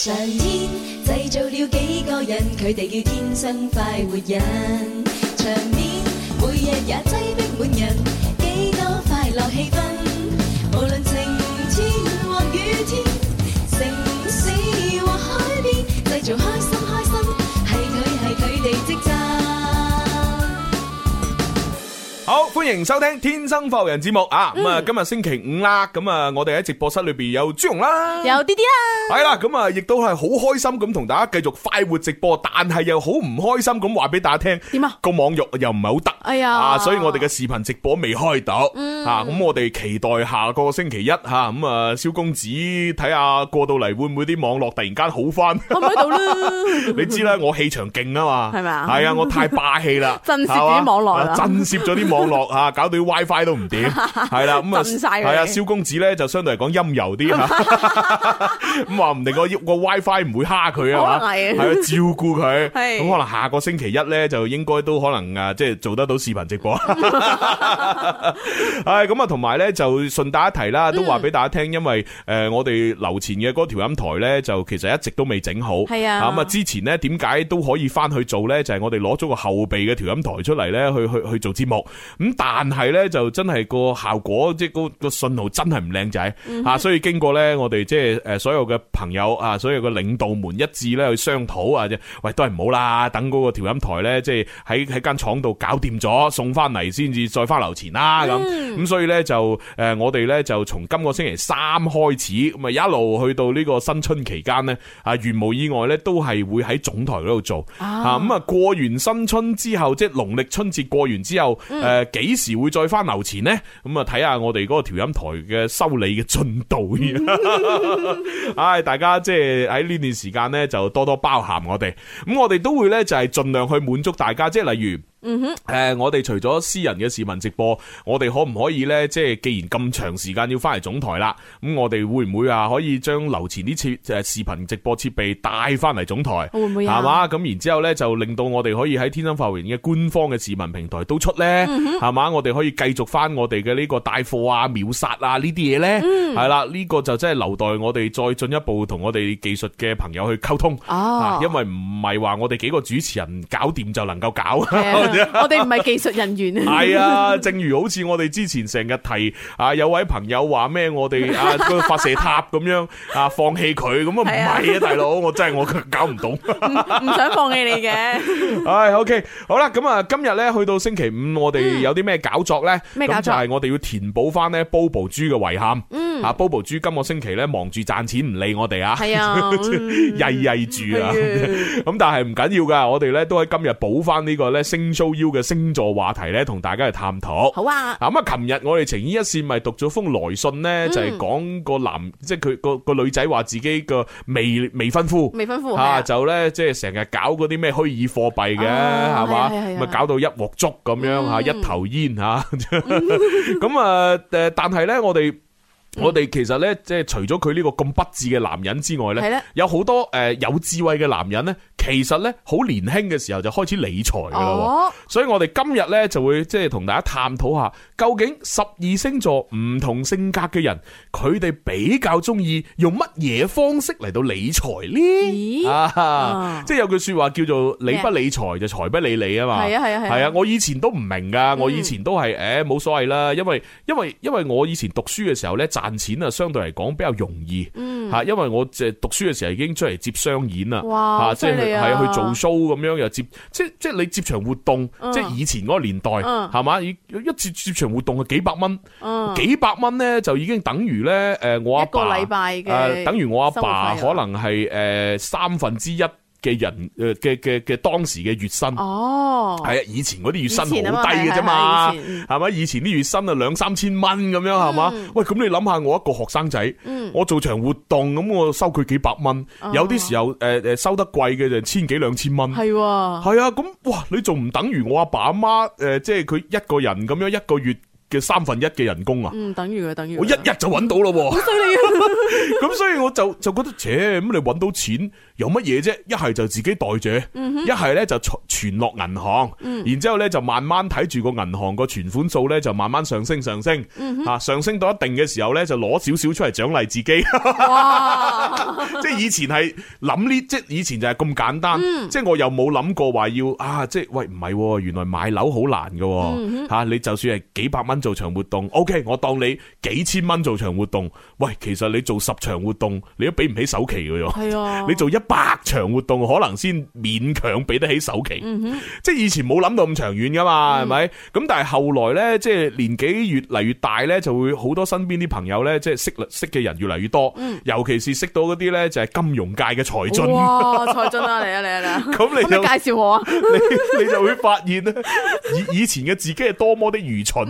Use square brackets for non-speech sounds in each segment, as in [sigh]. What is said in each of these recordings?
上天製造了幾個人，佢哋叫天生快活人。場面每日也擠迫滿人，幾多快樂氣氛。無論晴天或雨天，城市或海邊，製造開心。歡迎收聽天生發人節目啊！咁、嗯、啊、嗯，今日星期五啦，咁啊，我哋喺直播室裏邊有朱紅啦,有 D D 啦，係啦，咁啊，亦都係好開心咁同大家繼續快活直播，但係又好唔開心咁話俾大家聽，點啊？個網絡又唔係好得，哎呀呦，啊，所以我哋嘅視頻直播未開到、嗯、啊，咁我哋期待下個星期一吓，咁啊，蕭公子睇下過到嚟，會唔會啲網絡突然間好翻？我喺度啦，你知啦，我氣場勁啊嘛，係咪啊？係啊，我太霸氣啦， [laughs] 震懾咗網絡，震懾咗啲網絡。吓，搞到 WiFi 都唔掂。係啦，咁啊，係啊，蕭公子咧就相對嚟講陰柔啲啊，咁話唔定個個 WiFi 唔會蝦佢啊嘛，係啊，照顧佢，咁可能下個星期一咧就應該都可能啊，即係做得到視頻直播啊，唉咁啊，同埋咧就順帶一提啦，都話俾大家聽，因為誒我哋樓前嘅嗰個調音台咧就其實一直都未整好，係啊，咁啊之前咧點解都可以翻去做咧，就係我哋攞咗個後備嘅調音台出嚟咧去去去做節目咁。但係咧就真係個效果即係個信號真係唔靚仔啊！Mm hmm. 所以經過咧我哋即係誒所有嘅朋友啊，所有嘅領導們一致咧去商討啊，即係喂都係唔好啦，等個調音台咧即係喺喺間廠度搞掂咗，送翻嚟先至再翻樓前啦咁。咁、mm hmm. 所以咧就誒我哋咧就從今個星期三開始咁啊一路去到呢個新春期間咧啊，如無意外咧都係會喺總台嗰度做啊。咁啊、ah. 過完新春之後即係農曆春節過完之後誒幾？Mm hmm. 幾時會再翻樓前呢？咁啊，睇下我哋嗰個調音台嘅修理嘅進度。唉，大家即係喺呢段時間呢，就多多包涵我哋。咁我哋都會呢，就係盡量去滿足大家，即係例如。嗯哼，誒、呃，我哋除咗私人嘅視頻直播，我哋可唔可以呢？即係既然咁長時間要翻嚟總台啦，咁我哋會唔會啊？可以將樓前啲設誒視頻直播設備帶翻嚟總台？會唔會係、啊、嘛？咁然之後，後呢就令到我哋可以喺天津法園嘅官方嘅視頻平台都出呢？係嘛、嗯哼？我哋可以繼續翻我哋嘅呢個帶貨啊、秒殺啊呢啲嘢呢？係啦、嗯、呢、這個就真係留待我哋再進一步同我哋技術嘅朋友去溝通。啊、哦、因為唔係話我哋幾個主持人搞掂就能夠搞。嗯 [laughs] 我哋唔係技術人員。係 [laughs] 啊，正如好似我哋之前成日提啊，有位朋友話咩，我哋 [laughs] 啊個發射塔咁樣棄 [laughs] 啊，放棄佢咁啊，唔係啊，大佬，我真係我搞唔懂不，唔 [laughs] 想放棄你嘅、 [laughs] 哎。唉，OK，好啦，咁啊，今日咧去到星期五，我哋有啲咩搞作咧？咩搞作？咁就係我哋要填補翻咧 Bobo 豬嘅遺憾。啊，Bobo 豬今個星期咧忙住賺錢唔理我哋啊，係啊，曳曳住啊，咁但係唔緊要噶，我哋咧都喺今日補翻呢個咧星 show you 嘅星座話題咧，同大家去探討。好啊，咁啊，琴日我哋情意一線咪讀咗封來信咧，就係講個男，即係佢個個女仔話自己個未未婚夫，未婚夫吓，就咧即係成日搞嗰啲咩虛擬貨幣嘅，係嘛，咪搞到一鍋粥咁樣吓，一頭煙吓，咁啊誒，但係咧我哋。我哋其實咧，即係除咗佢呢個咁不智嘅男人之外咧，的有好多誒有智慧嘅男人咧，其實咧好年輕嘅時候就開始理財噶啦，哦、所以我哋今日咧就會即係同大家探討下，究竟十二星座唔同性格嘅人，佢哋比較中意用乜嘢方式嚟到理財呢？咦啊，啊即係有句說話叫做理不理財麼就財不理你啊嘛。係啊係啊係啊！我以前都唔明噶，嗯、我以前都係誒冇所謂啦，因為因為因為我以前讀書嘅時候咧賺錢啊，相對嚟講比較容易，吓、嗯，因為我即係讀書嘅時候已經出嚟接商演啦，哇即係去係、啊、去做 show 咁樣又接，即即係你接場活動，嗯、即係以前嗰個年代，係嘛、嗯，一接接場活動係幾百蚊，嗯、幾百蚊咧就已經等於咧，誒，我阿爸，爸，一個禮拜嘅，等於我阿爸，爸可能係誒三分之一。嘅人誒嘅嘅嘅當時嘅月薪哦，係啊，以前嗰啲月薪好低嘅啫嘛，係嘛，以前啲月薪啊兩三千蚊咁樣，係嘛、嗯、喂，咁你諗下我一個學生仔，嗯，我做場活動，咁我收佢幾百蚊、哦、有啲時候誒誒、呃、收得貴嘅就千幾兩千蚊係喎，係啊，咁哇、啊、你仲唔等於我阿爸阿媽誒，即係佢一個人咁樣一個月嘅三分一嘅人工啊，唔等於佢，等於我一日就揾到咯喎，犀利啊，咁所以我就就覺得切，咁你揾到錢。有乜嘢啫？一係就自己袋住，一係咧就存落銀行，嗯、哼然之後咧就慢慢睇住個銀行個存款數咧就慢慢上升上升，嗯、哼上升到一定嘅時候咧就攞少少出嚟獎勵自己。即係哇 [laughs] 以前係諗呢，即以前就係咁簡單，即係、嗯、我又冇諗過話要啊，即係喂唔係，原來買樓好難噶，吓、嗯、哼你就算係幾百蚊做場活動，OK，我當你幾千蚊做場活動，喂，其實你做十場活動你都俾唔起首期嘅喲。啊、你做一。百場活動可能先勉強俾得起首期，即係以前冇諗到咁長遠噶嘛，係咪？咁但係後來咧，即係年紀越嚟越大咧，就會好多身邊啲朋友咧，即係識識嘅人越嚟越多，尤其是識到嗰啲咧就係金融界嘅財俊。哇，財俊啊！嚟啊嚟啊嚟！咁你就介紹我啊？你你就會發現咧，以以前嘅自己係多麼的愚蠢，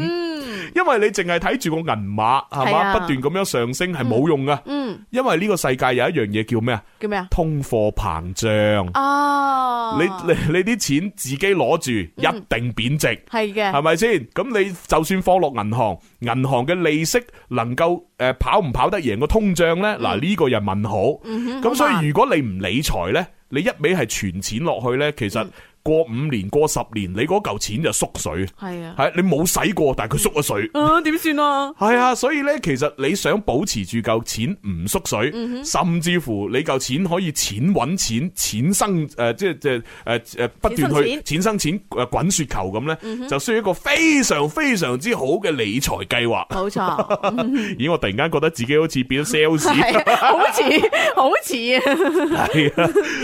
因為你淨係睇住個銀碼係嘛，不斷咁樣上升係冇用噶。嗯，因為呢個世界有一樣嘢叫咩啊？叫咩啊？通。貨膨脹，啊，你你你啲錢自己攞住，嗯、一定貶值，係嘅，係咪先？咁你就算放落銀行，銀行嘅利息能夠誒、呃、跑唔跑得贏個通脹呢？嗱，呢個又問號，咁、嗯、所以如果你唔理財呢，你一味係存錢落去呢，其實。嗯過五年，過十年，你嗰嚿錢就縮水。係啊的，係你冇使過，但係佢縮咗水。啊，點算啊？係啊、 [laughs] 嗯，所以咧，其實你想保持住嚿錢唔縮水，嗯、哼甚至乎你嚿錢可以錢搵錢、錢生誒、呃，即係即係誒誒，不斷去錢生錢誒，滾雪球咁咧，嗯、哼就需要一個非常非常之好嘅理財計劃。冇錯、嗯哼。咦， [laughs] 我突然間覺得自己好似變咗 sales，好似好似係，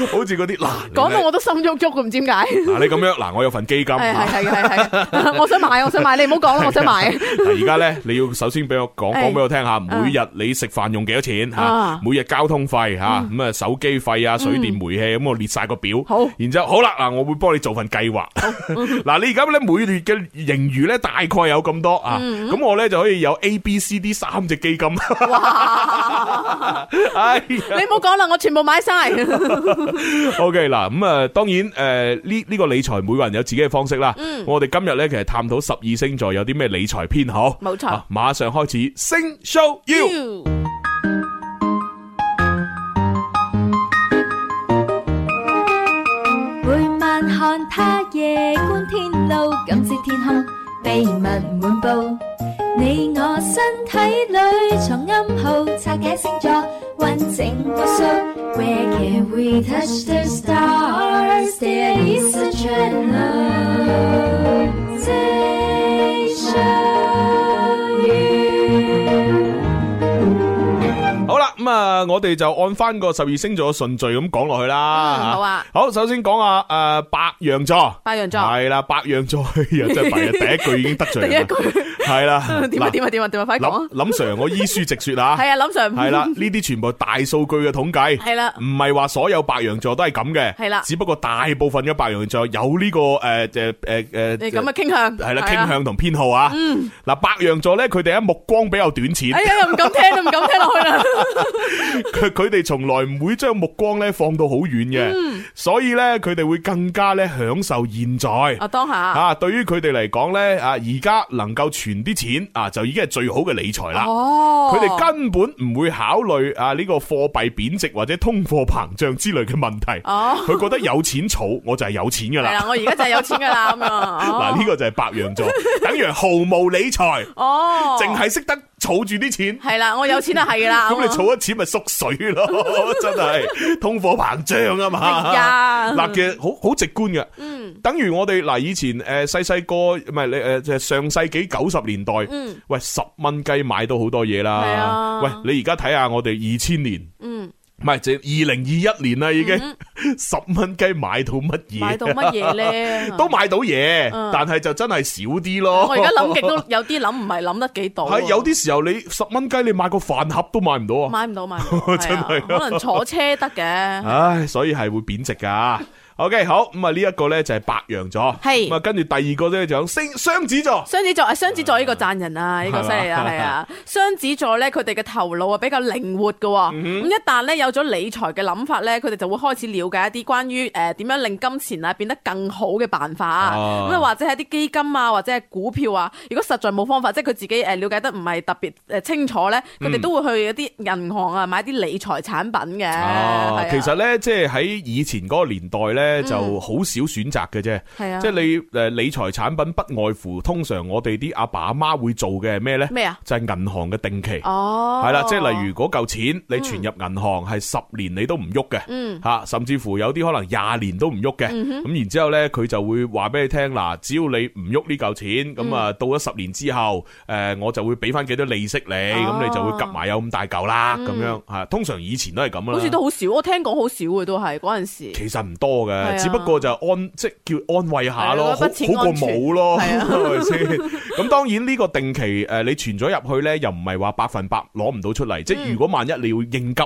好似嗰啲難講到我都心喐喐咁，唔知點解。嗱你咁樣，嗱我有份基金，係係係我想買，我想買，你唔好講啦，我想買。嗱而家咧，你要首先俾我講講俾我聽下，每日你食飯用幾多少錢吓，啊、每日交通費吓，咁啊、嗯、手機費啊，水電、嗯、煤氣，咁我列晒個表，好，然之後好啦，嗱我會幫你做份計劃。嗱、嗯、你而家咧每月嘅盈餘咧大概有咁多啊，咁、嗯、我咧就可以有 A、B、C、D 三隻基金。哇哎呦你唔好講啦，我全部買晒。OK 嗱，咁啊當然誒呢。呃呢個理財，每個人有自己嘅方式啦。嗯、我哋今日咧，其實探討十二星座有啲咩理財偏好。冇錯，馬上開始，星 show you。You 每晚看他夜觀天路，感知天空秘密滿布。你我身體裏藏暗號，拆解星座，溫靜無數。So、where can we touch the stars？There is ancient love，最幸運。好啦，咁啊，我哋就按翻個十二星座嘅順序咁講落去啦。好啊，好，首先講下誒白羊座，白羊座係啦，白羊座，哎呀真係 [laughs] 第一句已經得罪人啦。 [laughs] 第一句係啦，點啊點啊點啊，點啊快講。林 Sir，我依書直說啊。係啊，林 Sir。係啦，呢啲全部係大數據嘅統計。係啦，唔係話所有白羊座都係咁嘅。係啦，只不過大部分嘅白羊座有呢個誒，即係誒誒，你咁嘅傾向。係啦，傾向同偏好啊。嗯。嗱，白羊座咧，佢哋咧目光比較短淺。哎呀，又唔敢聽就唔敢聽落去啦。佢佢哋從來唔會將目光咧放到好遠嘅，所以咧佢哋會更加咧享受現在啊當下。啊，對於佢哋嚟講咧，啊而家能夠處。啲錢啊，就已經係最好嘅理財啦。哦，佢哋根本唔會考慮啊呢個貨幣貶值或者通貨膨脹之類嘅問題。哦，佢覺得有錢儲，我就係有錢噶啦我而家就係有錢噶啦咁樣。嗱、 [laughs] 哦，呢個就係白羊座， [laughs] 等於毫無理財。哦，淨係識得。儲住啲錢係啦，我有錢就係啦。咁你儲咗錢咪縮水咯，真係通貨膨脹啊嘛。係啊，嗱嘅好好直觀嘅，嗯，等於我哋嗱以前誒細細個唔係你誒即係上世紀九十年代，嗯，喂十蚊雞買到好多嘢啦。的喂，你而家睇下我哋二千年，嗯。唔係，就二零二一年啦，已經、嗯、 [laughs] 十蚊雞買到乜嘢？買到乜嘢咧？ [laughs] 都買到嘢，嗯、但係就真係少啲咯。我而家諗極都， [laughs] 有啲諗唔係諗得幾多。係 [laughs] 有啲時候你十蚊雞你買個飯盒都買唔到啊！買唔到，買唔到， [laughs] 真係嗎、啊。可能坐車得嘅。 [laughs] 唉，所以係會貶值噶。 [laughs] Okay, 好嘅好咁啊！呢、嗯、一、這個咧就係白羊座，係咁啊，跟住第二個咧就星，雙子座，雙子座啊，雙子座呢個讚人啊，呢個犀利啊，係啊！雙子座咧，佢哋嘅頭腦啊比較靈活噶、哦，咁、嗯、一旦咧有咗理財嘅諗法咧，佢哋就會開始了解一啲關於誒點樣令金錢啊變得更好嘅辦法咁啊，或者係啲基金啊，或者係股票啊。如果實在冇方法，即係佢自己誒了解得唔係特別誒清楚咧，佢哋、嗯、都會去一啲銀行啊買啲理財產品嘅。啊啊、其實咧即係喺以前嗰個年代咧。咧就好少選擇嘅啫，係啊，即係你誒理財產品不外乎，通常我哋啲阿爸阿媽會做嘅係咩咧？咩啊？就係銀行嘅定期，哦，係啦，即係例如嗰嚿錢你存入銀行係十年你都唔喐嘅，吓，甚至乎有啲可能廿年都唔喐嘅，咁然之後咧佢就會話俾你聽嗱，只要你唔喐呢嚿錢，咁啊到咗十年之後，誒我就會俾翻幾多利息你，咁你就會夾埋有咁大嚿啦，咁樣吓，通常以前都係咁啊，好似都好少，我聽講好少嘅都係嗰陣時，其實唔多嘅。誒，只不過就安，即叫安慰下咯，好好過冇咯，係咪先？咁當然呢個定期誒，你存咗入去咧，又唔係話百分百攞唔到出嚟，即係如果萬一你要應急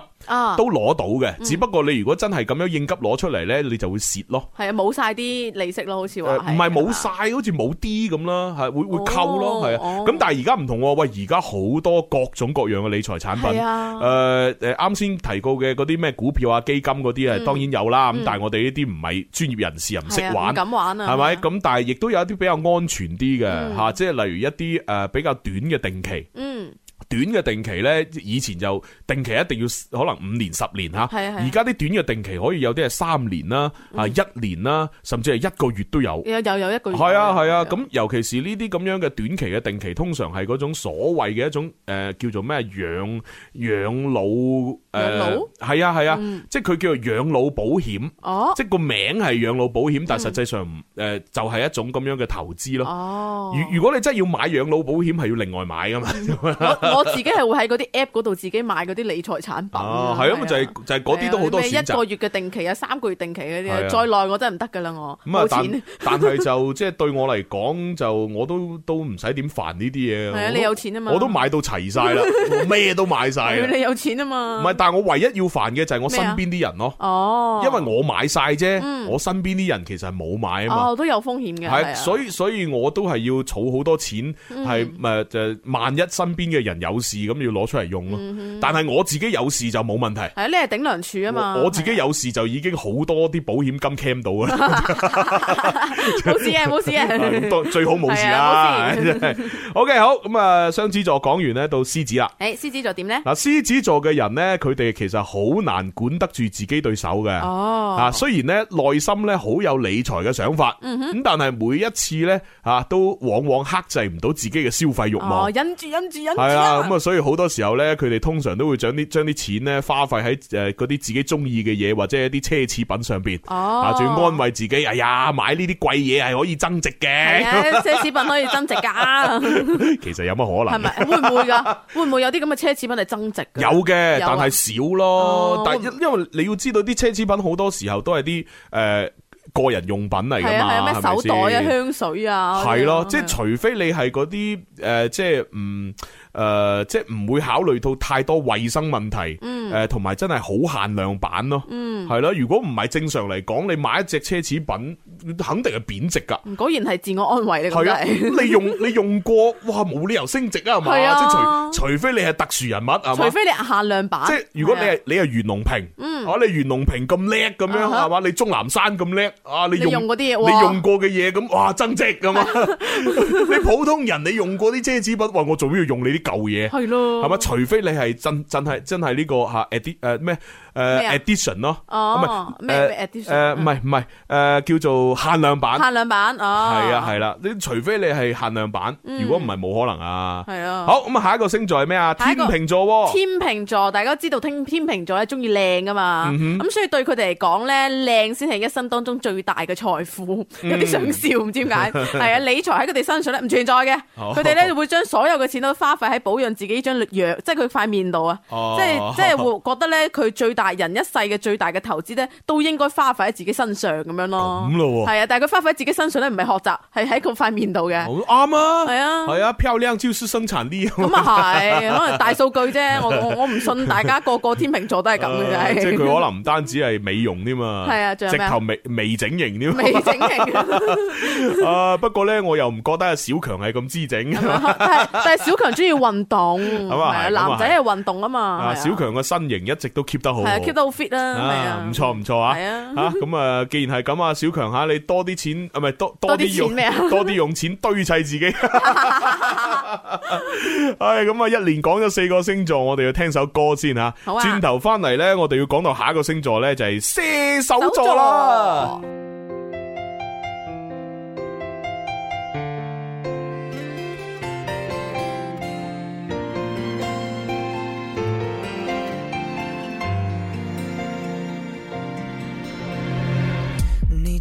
都攞到嘅。只不過你如果真係咁樣應急攞出嚟咧，你就會蝕咯。係啊，冇晒啲利息咯，好似話係，唔係冇晒，好似冇啲咁啦，係會會扣咯，係啊。咁但係而家唔同喎，喂，而家好多各種各樣嘅理財產品，誒誒，啱先提到嘅嗰啲咩股票啊、基金嗰啲啊，當然有啦。咁但係我哋呢啲唔。唔係專業人士又唔識玩，咁、啊、玩啊？係咪吧？咁、啊、但係亦都有一啲比較安全啲嘅、嗯啊、即係例如一啲、呃、比較短嘅定期。嗯，短嘅定期咧，以前就定期一定要可能五年十年嚇，而家啲短嘅定期可以有啲係三年啦，嗯、一年啦，甚至係一個月都有。有有有一個月，一個月。係啊係啊，咁、啊、尤其是呢啲咁樣嘅短期嘅定期，通常係嗰種所謂嘅一種、呃、叫做咩養養老。養老係啊係啊，即係佢叫做養老保險，即係個名係養老保險，但係實際上誒就係一種咁樣嘅投資咯。如如果你真係要買養老保險，係要另外買噶嘛。我我自己係會喺嗰啲 app 嗰度自己買嗰啲理財產品。係啊，咁就係就係嗰啲都好多選擇。一個月嘅定期啊，三個月定期嗰啲，再耐我真係唔得噶啦，我冇錢。但係就即係對我嚟講，就我都都唔使點煩呢啲嘢。係啊，你有錢啊嘛。我都買到齊晒啦，咩都買晒。你有錢啊嘛。但我唯一要煩嘅就係我身邊啲人咯，哦，因為我買晒啫，我身邊啲人其實係冇買啊嘛，哦，都有風險嘅，係，所以所以我都係要儲好多錢，係，誒，就萬一身邊嘅人有事咁要攞出嚟用咯，但係我自己有事就冇問題，係，你係頂梁柱啊嘛，我自己有事就已經好多啲保險金 claim 到嘅，冇事嘅，冇事嘅，最好冇事啦，O K，好，咁啊，雙子座講完咧，到獅子啦，誒，獅子座點咧？嗱，獅子座嘅人咧佢哋其實好難管得住自己對手嘅，啊雖然咧內心咧好有理財嘅想法，咁、嗯、哼但係每一次咧啊都往往克制唔到自己嘅消費欲望，哦。忍住，忍住，忍住。係啦，咁啊，所以好多時候咧，佢哋通常都會將啲將啲錢咧花費喺誒嗰啲自己中意嘅嘢或者一啲奢侈品上邊。哦，啊仲要安慰自己，哎呀，買呢啲貴嘢係可以增值嘅。係啊，奢侈品可以增值噶。 [laughs] 其實有乜可能？係咪會唔會噶？會唔會，會，會有啲咁嘅奢侈品係增值嘅？有嘅，但係。少咯，哦、但因為你要知道啲奢侈品好多時候都係啲誒，呃個人用品嚟噶嘛，手袋啊，香水啊，係咯，即係除非你係嗰啲誒，即係唔誒，即係唔會考慮到太多衛生問題。嗯，誒，同埋真係好限量版咯。嗯，係咯，如果唔係正常嚟講，你買一隻奢侈品，肯定係貶值噶。果然係自我安慰你個係。你用你用過，哇，冇理由升值啊嘛。係啊，即係除除非你係特殊人物啊嘛。除非你係限量版。即係如果你係你係袁隆平，嗯，啊，你袁隆平咁叻咁樣係嘛？你鍾南山咁叻。啊！你用嗰啲嘢，你用過嘅嘢咁，哇增值咁嘛？你普通人你用過啲奢侈品，話我做咩要用你啲舊嘢，係咯的，係咪？除非你係真真係真係呢、這個吓誒啲誒咩？呃呃誒，edition 咯，哦，咩？addition 誒，唔係唔係，誒，叫做限量版，限量版，哦，係啊，係啦，你除非你係限量版，如果唔係，冇可能啊。係啊，好，咁下一個星座係咩啊？天秤座，天秤座，大家知道天天秤座咧，中意靚噶嘛，咁所以對佢哋嚟講咧，靚先係一生當中最大嘅財富，有啲想笑唔知點解，係啊，理財喺佢哋身上咧唔存在嘅，佢哋咧會將所有嘅錢都花費喺保養自己呢張樣，即係佢塊面度啊，即係即係會覺得咧佢最大。人一世嘅最大嘅投資咧，都應該花費喺自己身上咁樣咯。咁咯，係啊，但係佢花費喺自己身上咧，唔係學習，係喺佢塊面度嘅。好啱啊！係啊，係啊，漂亮就係生產力。咁啊係，可能大數據啫。我我唔信大家個個天秤座都係咁嘅。即係佢可能唔單止係美容添嘛。係啊，直頭微微整形添。微整形啊！不過咧，我又唔覺得阿小強係咁滋整。但係小強中意運動。係男仔係運動啊嘛。小強嘅身形一直都 keep 得好。keep 得好 fit 啊，唔錯唔錯是啊，啊，吓咁啊，既然係咁啊，小強吓你多啲錢啊，係咪多多啲用多啲用錢堆砌自己，唉、 [laughs] 哎，咁啊，一連講咗四個星座，我哋要聽首歌先吓，好啊，轉頭翻嚟咧，我哋要講到下一個星座咧就係、是、射手座啦。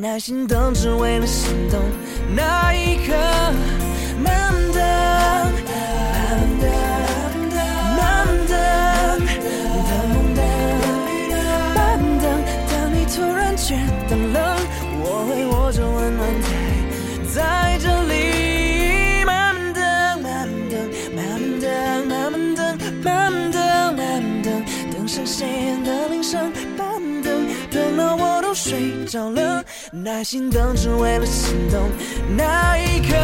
耐心等，只為了心動。那一刻，慢等，慢等，慢等，慢等，慢等，慢等。當你突然覺得冷，我會握着溫暖在在這裏。慢等，慢等，慢等，慢等，慢等，慢等。等上線的鈴聲，慢等，等到我都睡着了。耐心等，只為了心動那一刻。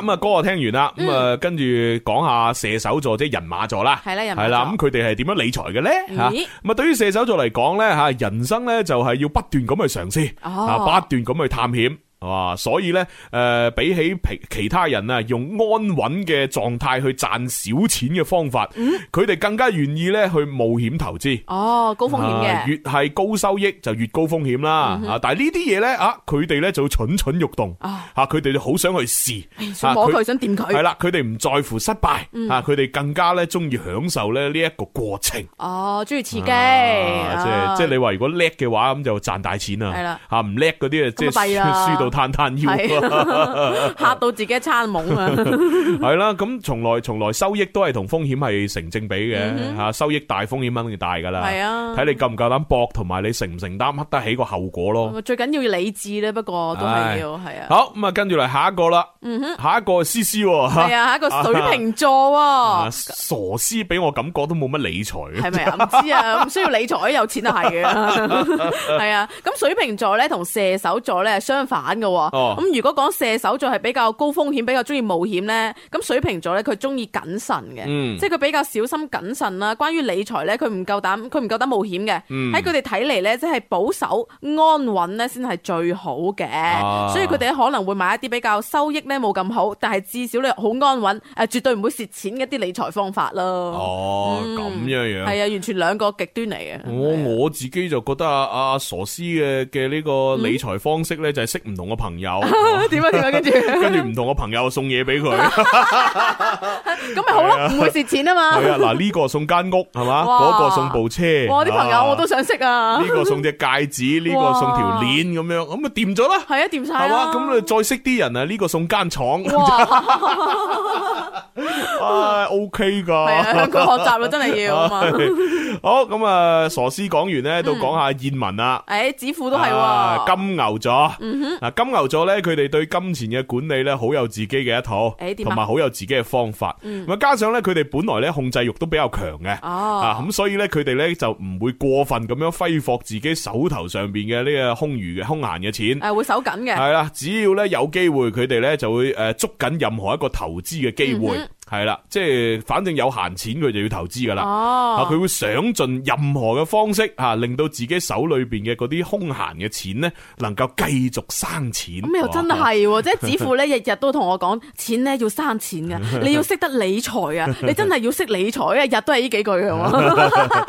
咁啊歌啊聽完啦，咁啊跟住講下射手座即係、就是、人馬座啦，係啦，係啦，咁佢哋係點樣理財嘅咧吓？咁啊、嗯、對於射手座嚟講咧吓，人生咧就係要不斷咁去嘗試，啊、哦、不斷咁去探險。哇！所以咧，誒，比起其他人啊，用安穩嘅狀態去賺小錢嘅方法，佢哋更加願意咧去冒險投資。哦，高風險嘅，越係高收益就越高風險啦。啊，但係呢啲嘢咧，啊，佢哋咧就蠢蠢欲動啊，吓佢哋就好想去試，摸佢想掂佢。係啦，佢哋唔在乎失敗，佢哋更加咧中意享受咧呢一個過程。哦，中意刺激，即係即係你話如果叻嘅話，咁就賺大錢啦。係啦，吓唔叻嗰啲啊，即係輸到。嘆嘆要、啊，嚇到自己一餐懵 [laughs] 啊！係啦，咁從來從來收益都係同風險係成正比嘅吓，mm hmm. 收益大風險梗要大噶啦，係啊，睇你夠唔夠膽搏，同埋你承唔承擔得起個後果咯。最緊要要理智咧，不過都係要係啊。好咁啊，跟住嚟下一個啦，mm hmm. 下一個獅 C 係啊，下一個水瓶座、哦啊，傻獅俾我感覺都冇乜理財係咪啊？唔知啊，唔需要理財，有錢就係嘅，係 [laughs] 啊。咁水瓶座咧同射手座咧相反。咁、哦、如果講射手座係比較高風險，比較中意冒險呢，咁水瓶座咧佢中意謹慎嘅，嗯、即係佢比較小心謹慎啦。關於理財咧，佢唔夠膽，佢唔夠膽冒險嘅，喺佢哋睇嚟呢，即係、嗯就是、保守安穩呢先係最好嘅，啊、所以佢哋可能會買一啲比較收益呢，冇咁好，但係至少咧好安穩，誒絕對唔會蝕錢嘅一啲理財方法咯。哦、啊，咁、嗯、樣樣係啊，完全兩個極端嚟嘅。我我自己就覺得阿、啊、阿傻師嘅嘅呢個理財方式咧就係識唔同。我朋友點啊點啊，跟住跟住唔同我朋友送嘢俾佢，咁咪好咯，唔會蝕錢啊嘛。係啊，嗱呢個送間屋係嘛，嗰個送部車。哇，我啲朋友我都想識啊。呢個送隻戒指，呢個送條鏈咁樣，咁咪掂咗啦。係啊，掂晒啦。咁啊，再識啲人啊，呢個送間廠。哇，唉，OK 噶，係啊，向佢學習咯，真係要。好，咁啊，傻師講完咧，到講下燕文啦。誒，子富都係金牛座。嗯哼，啊。金牛座咧，佢哋對金錢嘅管理咧，好有自己嘅一套，同埋好有自己嘅方法。咁加上咧，佢哋本來咧控制欲都比較強嘅，咁、哦、所以咧，佢哋咧就唔會過分咁樣揮霍自己手頭上邊嘅呢個空餘嘅、空閒嘅錢，誒，會守緊嘅。係啦，只要咧有機會，佢哋咧就會誒捉緊任何一個投資嘅機會。嗯係啦，即係反正有閒錢佢就要投資噶啦，啊，佢會想盡任何嘅方式令到自己手裏邊嘅嗰啲空閒嘅錢咧，能夠繼續生錢。咁、啊、又真係、啊，哇即係子富咧日日都同我講， [laughs] 錢咧要生錢㗎，你要識得理財啊，你真係要識理財、啊，啊 [laughs] 日都係呢幾句係喎、啊。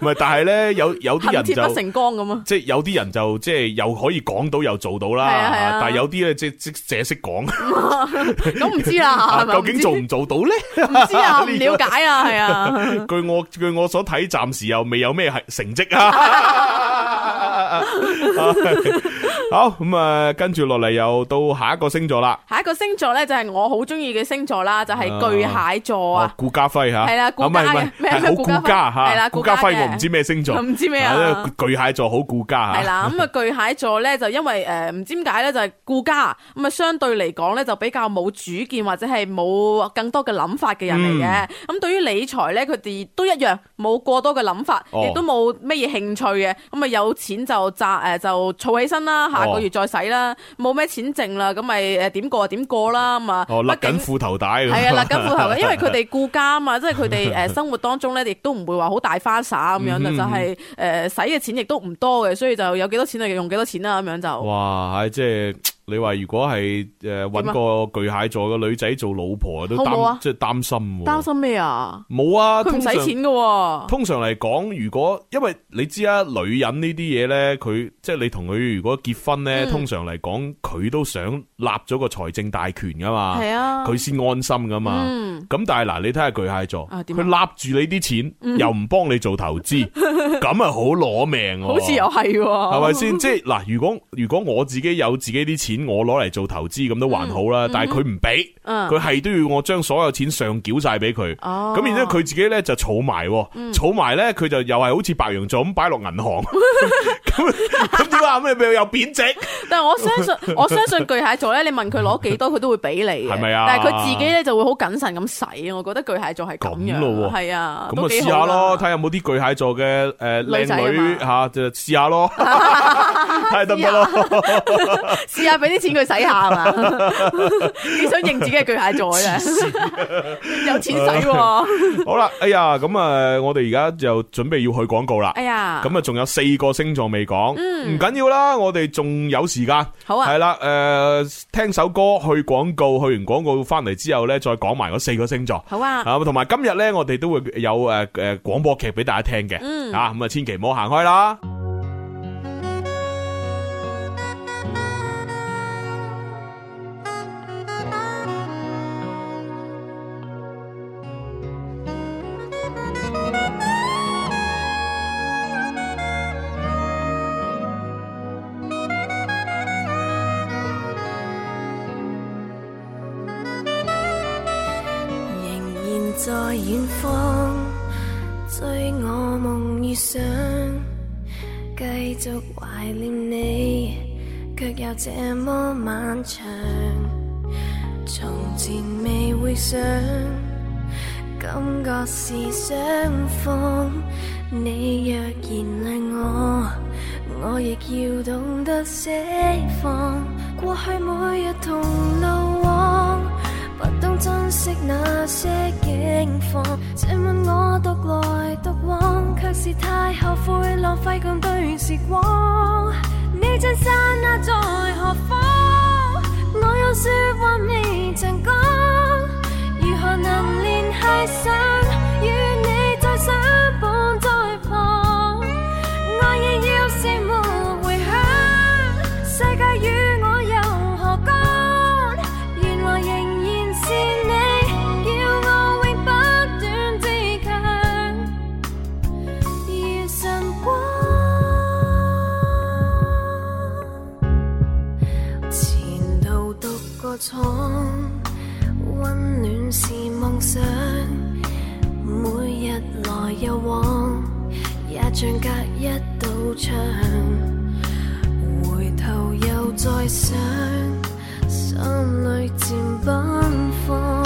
唔 [laughs] 但係咧有有啲人就，不成漿咁啊！即係有啲人就即係又可以講到又做到啦，啊啊、但係有啲咧即即淨係識講，咁唔知啦，究竟做唔做到？好咧，唔知啊，唔了解啊，係啊。據我據我所睇，暫時又未有咩係成績啊。好咁啊，跟住落嚟又到下一個星座啦。下一個星座咧就係我好中意嘅星座啦，就係巨蟹座啊。顧嘉輝吓，係啦，顧唔係唔係，係好顧家吓，係啦，顧嘉輝我唔知咩星座，唔知咩啊，巨蟹座好顧家吓。係啦，咁啊巨蟹座咧就因為誒唔知點解咧就係顧家，咁啊相對嚟講咧就比較冇主見或者係冇更多嘅諗法嘅人嚟嘅，咁、嗯、對於理財咧，佢哋都一樣冇過多嘅諗法，亦都冇乜嘢興趣嘅。咁咪有錢就賺誒，就儲起身啦，下個月再使啦。冇咩、哦、錢剩啦，咁咪誒點過就點過啦。咁啊、哦，勒緊褲頭帶。係啊，勒緊褲頭 [laughs] 因為佢哋顧家啊嘛，即係佢哋誒生活當中咧，亦都唔會話好大花灑咁樣就係誒使嘅錢亦都唔多嘅，所以就有幾多錢就用幾多錢啦咁樣就。哇，係即係。你話如果係誒搵個巨蟹座嘅女仔做老婆，都即係擔心。擔心咩啊？冇啊，佢唔使錢噶。通常嚟講，如果因為你知啊，女人呢啲嘢咧，佢即係你同佢如果結婚咧，通常嚟講，佢都想立咗個財政大權噶嘛。係啊，佢先安心噶嘛。咁但係嗱，你睇下巨蟹座，佢立住你啲錢，又唔幫你做投資，咁係好攞命。好似又係，係咪先？即係嗱，如果如果我自己有自己啲錢。我攞嚟做投資咁都還好啦，但係佢唔俾，佢係都要我將所有錢上繳晒俾佢。咁然之後佢自己咧就儲埋，儲埋咧佢就又係好似白羊座咁擺落銀行。咁點解？咩？有貶值？但係我相信，我相信巨蟹座咧，你問佢攞幾多，佢都會俾你，係咪啊？但係佢自己咧就會好謹慎咁使。我覺得巨蟹座係咁樣咯，係啊，咁咪試下咯，睇下有冇啲巨蟹座嘅誒靚女吓，就試下咯，睇下得唔得咯，試下俾。俾啲錢佢使下嘛？ [laughs] 你想認自己係巨蟹座啫？啊、 [laughs] 有錢使用、啊， [laughs] 好啦，哎呀，咁我哋而家就準備要去廣告啦。哎呀，咁啊，仲有四個星座未講，唔緊要啦，我哋仲有時間。好啊，係啦，誒、呃，聽首歌去廣告，去完廣告翻嚟之後咧，再講埋嗰四個星座。好啊，同埋今日咧，我哋都會有誒誒廣播劇俾大家聽嘅。嗯，啊，咁啊，千祈唔好行開啦。懷念你，卻又這麼漫長。從前未會想，感覺是相逢。你若然令我，我亦要懂得釋放。過去每日同路。不懂珍惜那些境況，這晚我獨來獨往，卻是太後悔浪費共對時光。你真散落在何方？我有說話未曾講，如何能聯繫上與你再相逢？我溫暖是夢想，每日來又往，也像隔一道牆。回頭又再想，心裏漸奔放。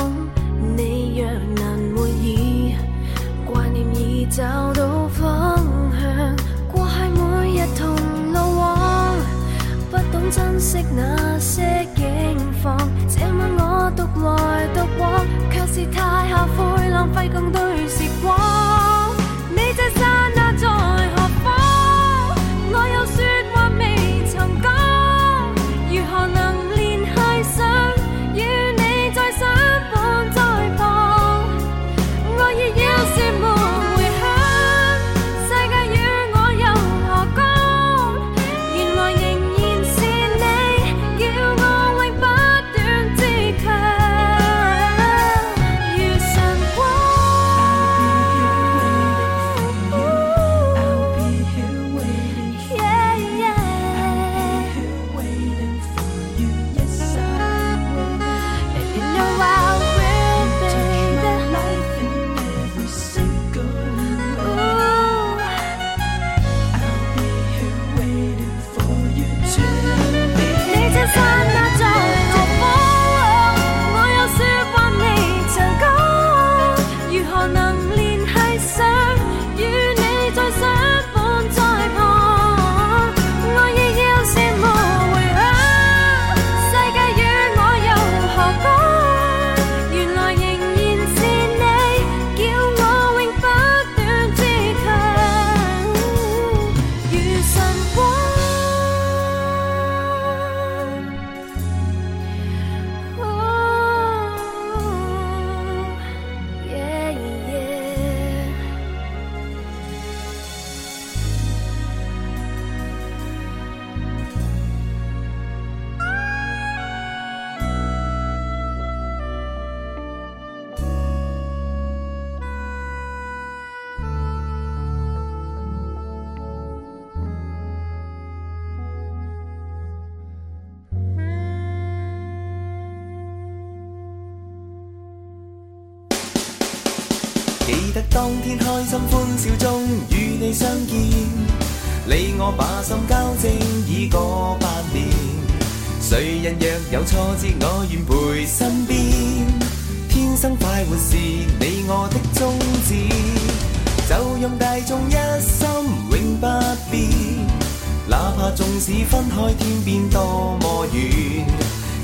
即使分開天邊多麼遠，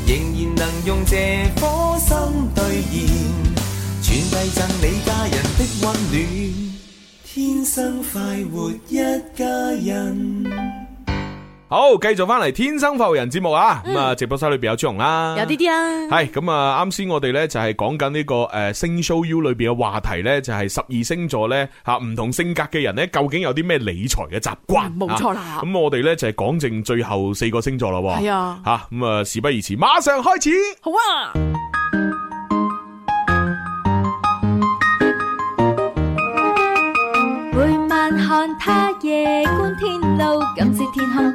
仍然能用這顆心兌現，傳遞贈你家人的溫暖。天生快活一家人。好，繼續翻嚟《天生浮人》節目啊！咁啊，直播室裏邊有朱紅啦，有啲啲啊。係咁，就是這個呃就是、啊，啱先我哋咧就係講緊呢個誒《星 show U》裏邊嘅話題咧，就係十二星座咧吓唔同性格嘅人咧，究竟有啲咩理財嘅習慣？冇錯，嗯、啦。咁，啊、我哋咧就係講正最後四個星座咯。係啊。吓咁啊，嗯，事不宜遲，馬上開始。好啊。每晚看他夜觀天路，感謝天空。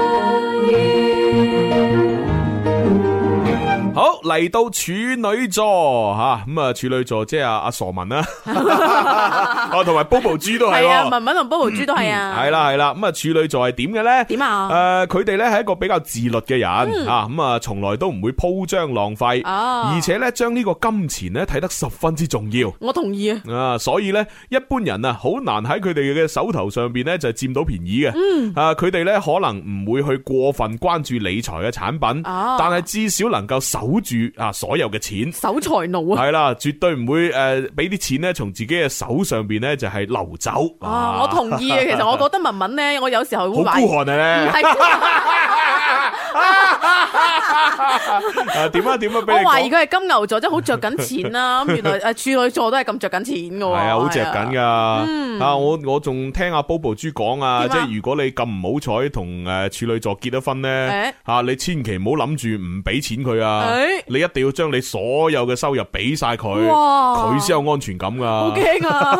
嚟到處女座吓，咁啊處、嗯、女座即係阿阿傻文啦、啊，哦同埋 Bobo 豬都係啊，文文同 Bobo 豬都係啊，係啦係啦，咁、嗯、啊處、啊嗯、女座係點嘅咧？點啊？誒、呃，佢哋咧係一個比較自律嘅人、嗯、啊，咁啊從來都唔會鋪張浪費哦，而且咧將呢個金錢咧睇得十分之重要，我同意啊，啊所以咧一般人啊好難喺佢哋嘅手頭上邊咧就佔到便宜嘅，嗯、啊佢哋咧可能唔會去過分關注理財嘅產品，哦，但係至少能夠守住。住啊！所有嘅錢守財奴啊，係啦，絕對唔會誒俾啲錢咧從自己嘅手上邊咧就係流走啊！我同意啊，其實我覺得文文咧，我有時候好孤寒啊咧。啊，點啊點啊，我懷疑佢係金牛座，真係好着緊錢啊。咁原來誒處女座都係咁着緊錢嘅，係啊，好着緊噶。啊，我我仲聽阿 Bobo 豬講啊，即係如果你咁唔好彩同誒處女座結咗婚咧，吓你千祈唔好諗住唔俾錢佢啊。你一定要將你所有嘅收入俾晒佢，佢先有安全感噶。好驚啊！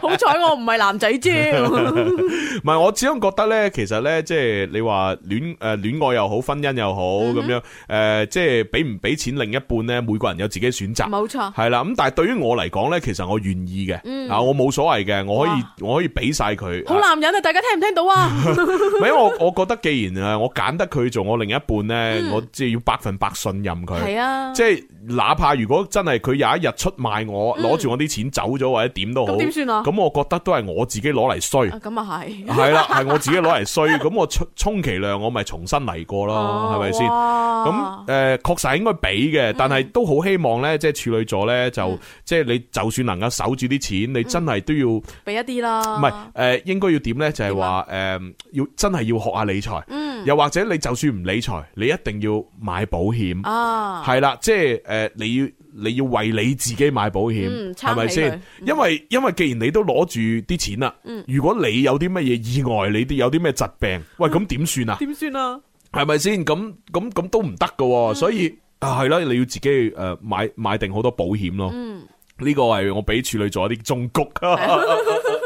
好彩我唔係男仔啫。唔係我始終覺得咧，其實咧，即係你話戀誒戀愛又好，婚姻又好咁樣誒，即係俾唔俾錢另一半咧，每個人有自己選擇。冇錯。係啦，咁但係對於我嚟講咧，其實我願意嘅，啊，我冇所謂嘅，我可以我可以俾晒佢。好男人啊！大家聽唔聽到啊？唔係我我覺得，既然啊，我揀得佢做我另一半咧，我即係要百分百信任佢，即係哪怕如果真係佢有一日出賣我，攞住我啲錢走咗或者點都好，咁點算啊？咁我覺得都係我自己攞嚟衰，咁啊係，係啦，係我自己攞嚟衰，咁我充充其量我咪重新嚟過咯，係咪先？咁誒，確實應該俾嘅，但係都好希望咧，即係處女座咧，就即係你就算能夠守住啲錢，你真係都要俾一啲啦。唔係誒，應該要點咧？就係話誒，要真係要學下理財，嗯，又或者你就算唔理財，你一定要買保險。嗯、啊，係啦，即係誒、呃，你要你要為你自己買保險，係咪先？是不是因為因為既然你都攞住啲錢啦，嗯、如果你有啲乜嘢意外，你啲有啲咩疾病，喂，咁點、嗯、算啊？點算、嗯、啊？係咪先？咁咁咁都唔得噶，所以啊係啦，你要自己誒、呃、買買定好多保險咯。呢、嗯、個係我俾處女座一啲忠告、嗯。 [laughs]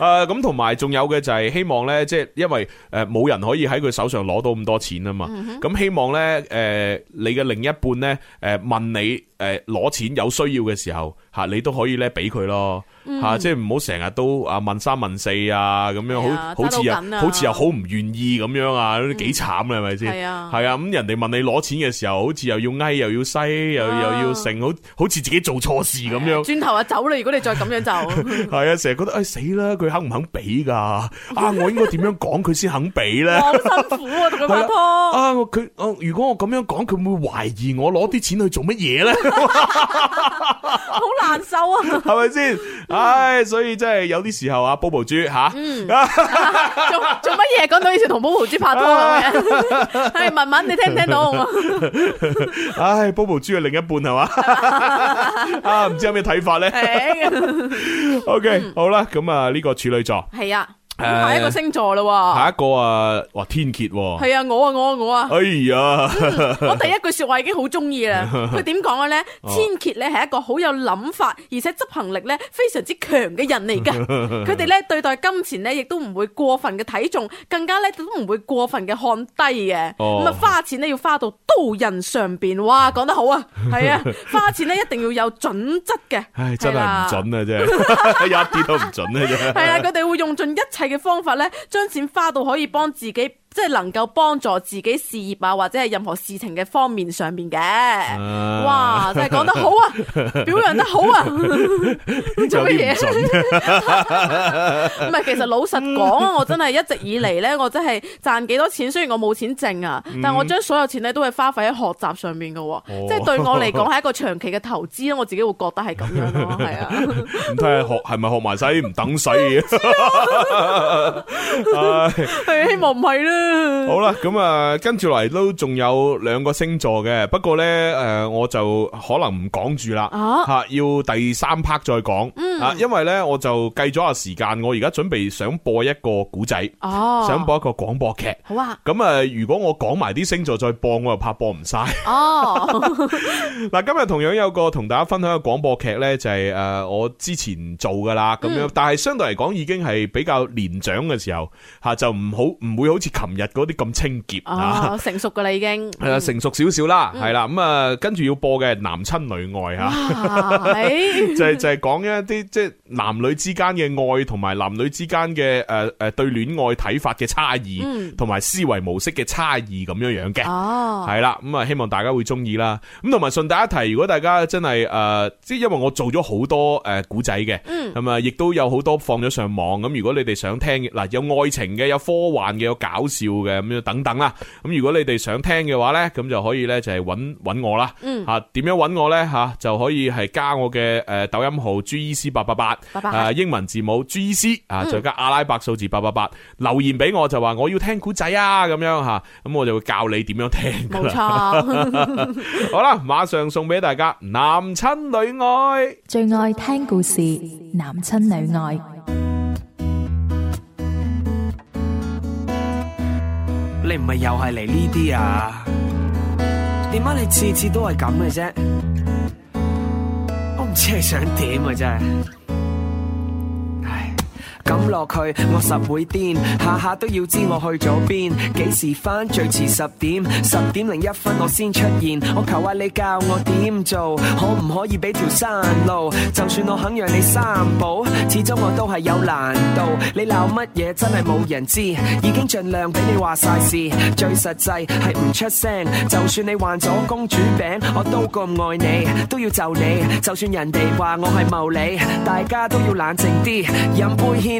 誒咁同埋仲有嘅就係希望咧，即係因為誒冇人可以喺佢手上攞到咁多錢啊嘛，咁希望咧誒你嘅另一半咧誒問你。誒，攞錢有需要嘅時候吓，你都可以咧俾佢咯吓，即係唔好成日都啊問三問四啊咁樣，好好似又好似又好唔願意咁樣啊，幾慘啊係咪先？係啊，係啊，咁人哋問你攞錢嘅時候，好似又要翳又要西，又又要成，好好似自己做錯事咁樣。轉頭啊走啦！如果你再咁樣就係啊，成日覺得誒死啦，佢肯唔肯俾噶？啊，我應該點樣講佢先肯俾咧？好辛苦啊，同佢拍拖啊，佢如果我咁樣講，佢會懷疑我攞啲錢去做乜嘢咧？好 [laughs] [laughs] 難受啊，係咪先？唉，所以真係有啲時候啊，Bobo 豬吓，做做乜嘢？講、啊嗯啊、到以前同 Bobo 豬拍拖咁嘅，係、啊、 [laughs] 文文，你聽唔聽到？ [laughs] 唉，Bobo 豬嘅另一半係嘛？ [laughs] [laughs] 啊，唔知有咩睇法咧 [laughs] ？OK，、嗯、好啦，咁啊，呢個處女座係啊。下一個星座啦，啊，下一個啊，哇天蠍係啊，啊，我啊我啊我啊，哎呀，啊嗯，我第一句說話已經好中意啦。佢點講咧？天蠍咧係一個好有諗法，哦，而且執行力咧非常之強嘅人嚟噶。佢哋咧對待金錢咧亦都唔會過分嘅睇重，更加咧都唔會過分嘅看低嘅。咁啊，哦，花錢咧要花到刀刃上邊，哇講得好啊，係啊，花錢咧一定要有準則嘅。唉是，啊，真係唔準啊，真係 [laughs] 一啲都唔準啊，真係 [laughs] [laughs] 係啊，佢哋會用盡一切嘅方法咧，將錢花到可以幫自己，即係能夠幫助自己事業啊，或者係任何事情嘅方面上邊嘅。Uh 真係講得好啊， [laughs] 表揚得好啊！ [laughs] 做乜嘢？唔係，其實老實講，我真係一直以嚟咧，我真係賺幾多錢。雖然我冇錢剩啊，但係我將所有錢咧都係花費喺學習上面嘅，即係、嗯、對我嚟講係一個長期嘅投資咯。我自己會覺得係咁樣，係 [laughs] 啊。唔睇下學係咪學埋使唔等使嘅，希望唔係啦、嗯。好啦，咁啊，跟住嚟都仲有兩個星座嘅，不過咧，誒，我就。可能唔講住啦，吓、哦、要第三 part 再講，吓、嗯、因為咧我就計咗下時間，我而家準備想播一個古仔，哦、想播一個廣播劇。好啊，咁啊如果我講埋啲星座再播，我又怕播唔晒。哦，嗱 [laughs] 今日同樣有個同大家分享嘅個廣播劇咧，就係誒我之前做噶啦，咁樣，但係相對嚟講已經係比較年長嘅時候吓，就唔好唔會好似琴日嗰啲咁清潔啊、哦，成熟噶啦已經，係啦成熟少少啦，係啦咁啊跟住要播嘅。男親女愛吓，啊、是 [laughs] 就係就係講一啲即係男女之間嘅愛，同埋男女之間嘅誒誒對戀愛睇法嘅差異，同埋思維模式嘅差異咁樣樣嘅，哦、嗯，係啦，咁啊希望大家會中意啦，咁同埋順帶一提，如果大家真係誒，即、呃、係因為我做咗好多誒古仔嘅，咁啊亦都有好多放咗上網，咁如果你哋想聽嗱有愛情嘅，有科幻嘅，有搞笑嘅咁樣等等啦，咁如果你哋想聽嘅話咧，咁就可以咧就係揾揾我啦，嗯，吓點樣？揾我呢吓，就可以係加我嘅誒抖音號 GEC 八八八，英文字母 GEC 啊，再加阿拉伯數字八八八，留言俾我就話我要聽古仔啊，咁樣吓，咁我就會教你點樣聽。冇錯啊、 [laughs] 好啦，馬上送俾大家男親女愛，最愛聽故事，男親女愛，你唔係又係嚟呢啲啊？點解你次次都係咁嘅啫？我唔知你想點啊，真係。咁落去，我實會癲，下下都要知我去咗邊，幾時返？最遲十點，十點零一分我先出現。我求下你教我點做，可唔可以俾條山路？就算我肯讓你三步，始終我都係有難度。你鬧乜嘢真係冇人知，已經盡量俾你話晒事，最實際係唔出聲。就算你患咗公主病，我都咁愛你都要就你。就算人哋話我係無理，大家都要冷靜啲，飲杯先。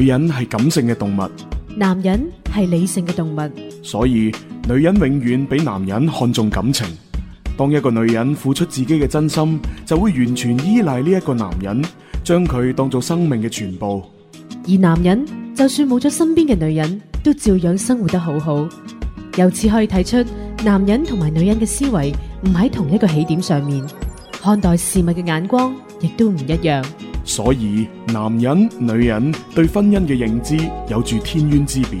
女人係感性嘅動物，男人係理性嘅動物，所以女人永遠比男人看重感情。當一個女人付出自己嘅真心，就會完全依賴呢一個男人，將佢當做生命嘅全部。而男人就算冇咗身邊嘅女人都照樣生活得好好。由此可以睇出，男人同埋女人嘅思維唔喺同一個起點上面，看待事物嘅眼光亦都唔一樣。所以，男人，女人對婚姻嘅認知有住天淵之別。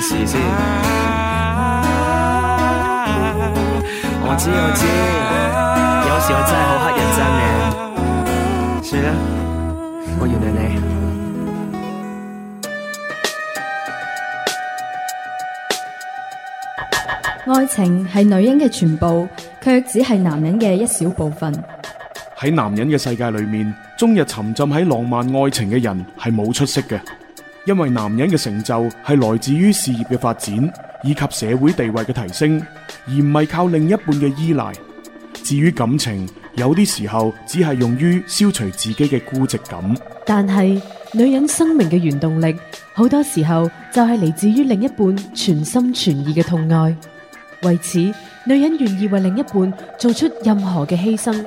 事先，我知我知，有時我真係好乞人憎嘅。算啦，我原諒你。愛情係女人嘅全部，卻只係男人嘅一小部分。喺男人嘅世界裏面，終日沉浸喺浪漫愛情嘅人係冇出息嘅。因為男人嘅成就係來自於事業嘅發展以及社會地位嘅提升，而唔係靠另一半嘅依賴。至於感情，有啲時候只係用於消除自己嘅孤寂感但。但係女人生命嘅原動力，好多時候就係嚟自於另一半全心全意嘅痛愛。為此，女人願意為另一半做出任何嘅犧牲。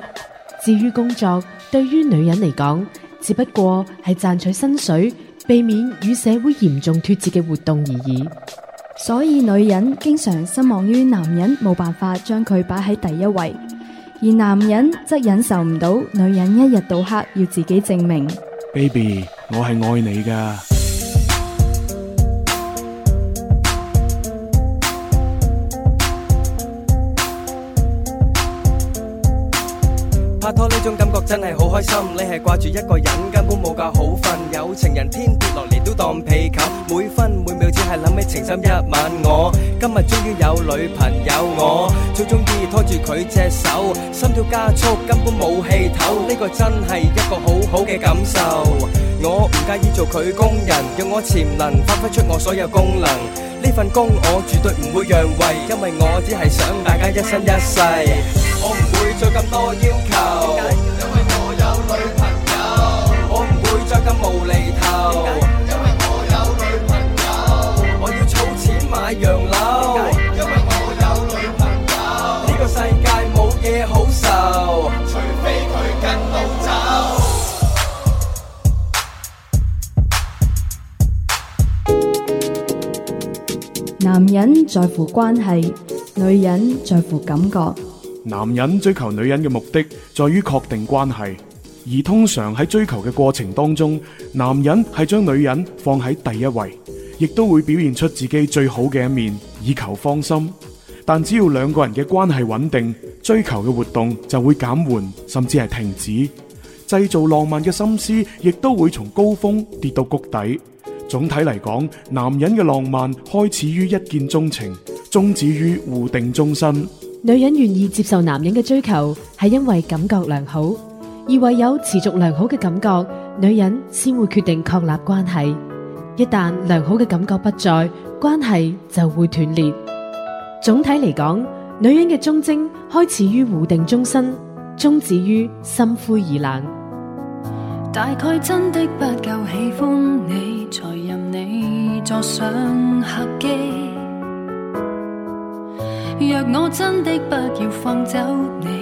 至於工作，對於女人嚟講，只不過係賺取薪水，避免與社會嚴重脱節嘅活動而已。所以女人經常失望於男人冇辦法將佢擺喺第一位，而男人則忍受唔到女人一日到黑要自己證明。Baby，我係愛你㗎。拍拖呢種咁。真係好開心，你係掛住一個人，根本冇覺好瞓。有情人天跌落嚟都當被冚。每分每秒只係諗起情深一晚。我今日終於有女朋友，我最中意拖住佢隻手，心跳加速，根本冇氣頭。呢、這個真係一個好好嘅感受。我唔介意做佢工人，用我潛能發揮出我所有功能。呢份工我絕對唔會讓位，因為我只係想大家一生一世。我唔會再咁多要求。咁無厘頭，因為我有女朋友，我要儲錢買洋樓，因為我有女朋友，呢個世界冇嘢好受，除非佢跟到走。男人在乎關係，女人在乎感覺。男人追求女人嘅目的，在於確定關係。而通常喺追求嘅過程當中，男人係將女人放喺第一位，亦都會表現出自己最好嘅一面，以求芳心。但只要兩個人嘅關係穩定，追求嘅活動就會減緩，甚至係停止。製造浪漫嘅心思亦都會從高峰跌到谷底。總體嚟講，男人嘅浪漫開始於一見鍾情，終止於互定終身。女人願意接受男人嘅追求，係因為感覺良好。以為有持續良好嘅感覺，女人先會決定確立關係。一旦良好嘅感覺不在，關係就會斷裂。總體嚟講，女人嘅忠貞開始於互定終身，終止於心灰意冷。大概真的不夠喜歡你，才任你坐上客機。若我真的不要放走你。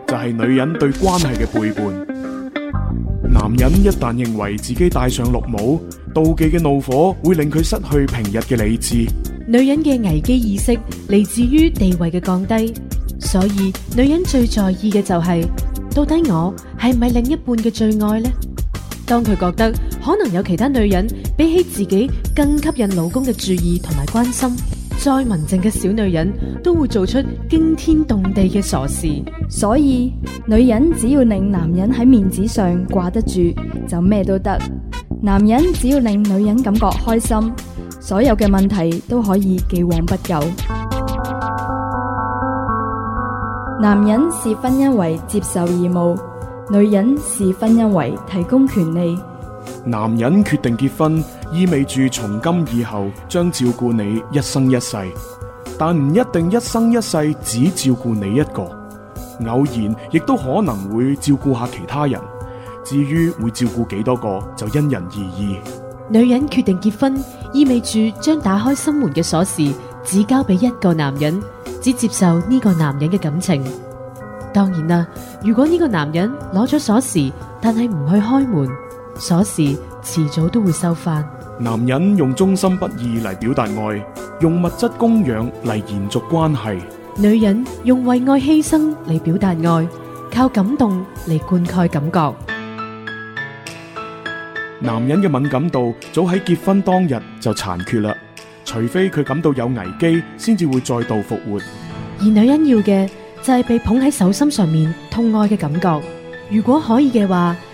就係女人對關係嘅背叛，男人一旦認為自己戴上綠帽，妒忌嘅怒火會令佢失去平日嘅理智。女人嘅危機意識嚟自於地位嘅降低，所以女人最在意嘅就係，到底我係咪另一半嘅最愛呢？當佢覺得可能有其他女人比起自己更吸引老公嘅注意同埋關心。再文靜嘅小女人都會做出驚天動地嘅傻事，所以女人只要令男人喺面子上掛得住，就咩都得；男人只要令女人感覺開心，所有嘅問題都可以既往不咎。男人視婚姻為接受義務，女人視婚姻為提供權利。男人決定結婚，意味住從今以後將照顧你一生一世，但唔一定一生一世只照顧你一個，偶然亦都可能會照顧下其他人。至於會照顧幾多個，就因人而異。女人決定結婚，意味住將打開心門嘅鎖匙只交俾一個男人，只接受呢個男人嘅感情。當然啦，如果呢個男人攞咗鎖匙，但係唔去開門。鎖匙遲早都會收翻。男人用忠心不二嚟表達愛用物質供養嚟延續關係。女人用為愛犧牲嚟表達愛，靠感動嚟灌溉感覺。男人嘅敏感度早喺結婚當日就殘缺啦，除非佢感到有危機，先至會再度復活。而女人要嘅就係被捧喺手心上面痛愛嘅感覺。如果可以嘅話。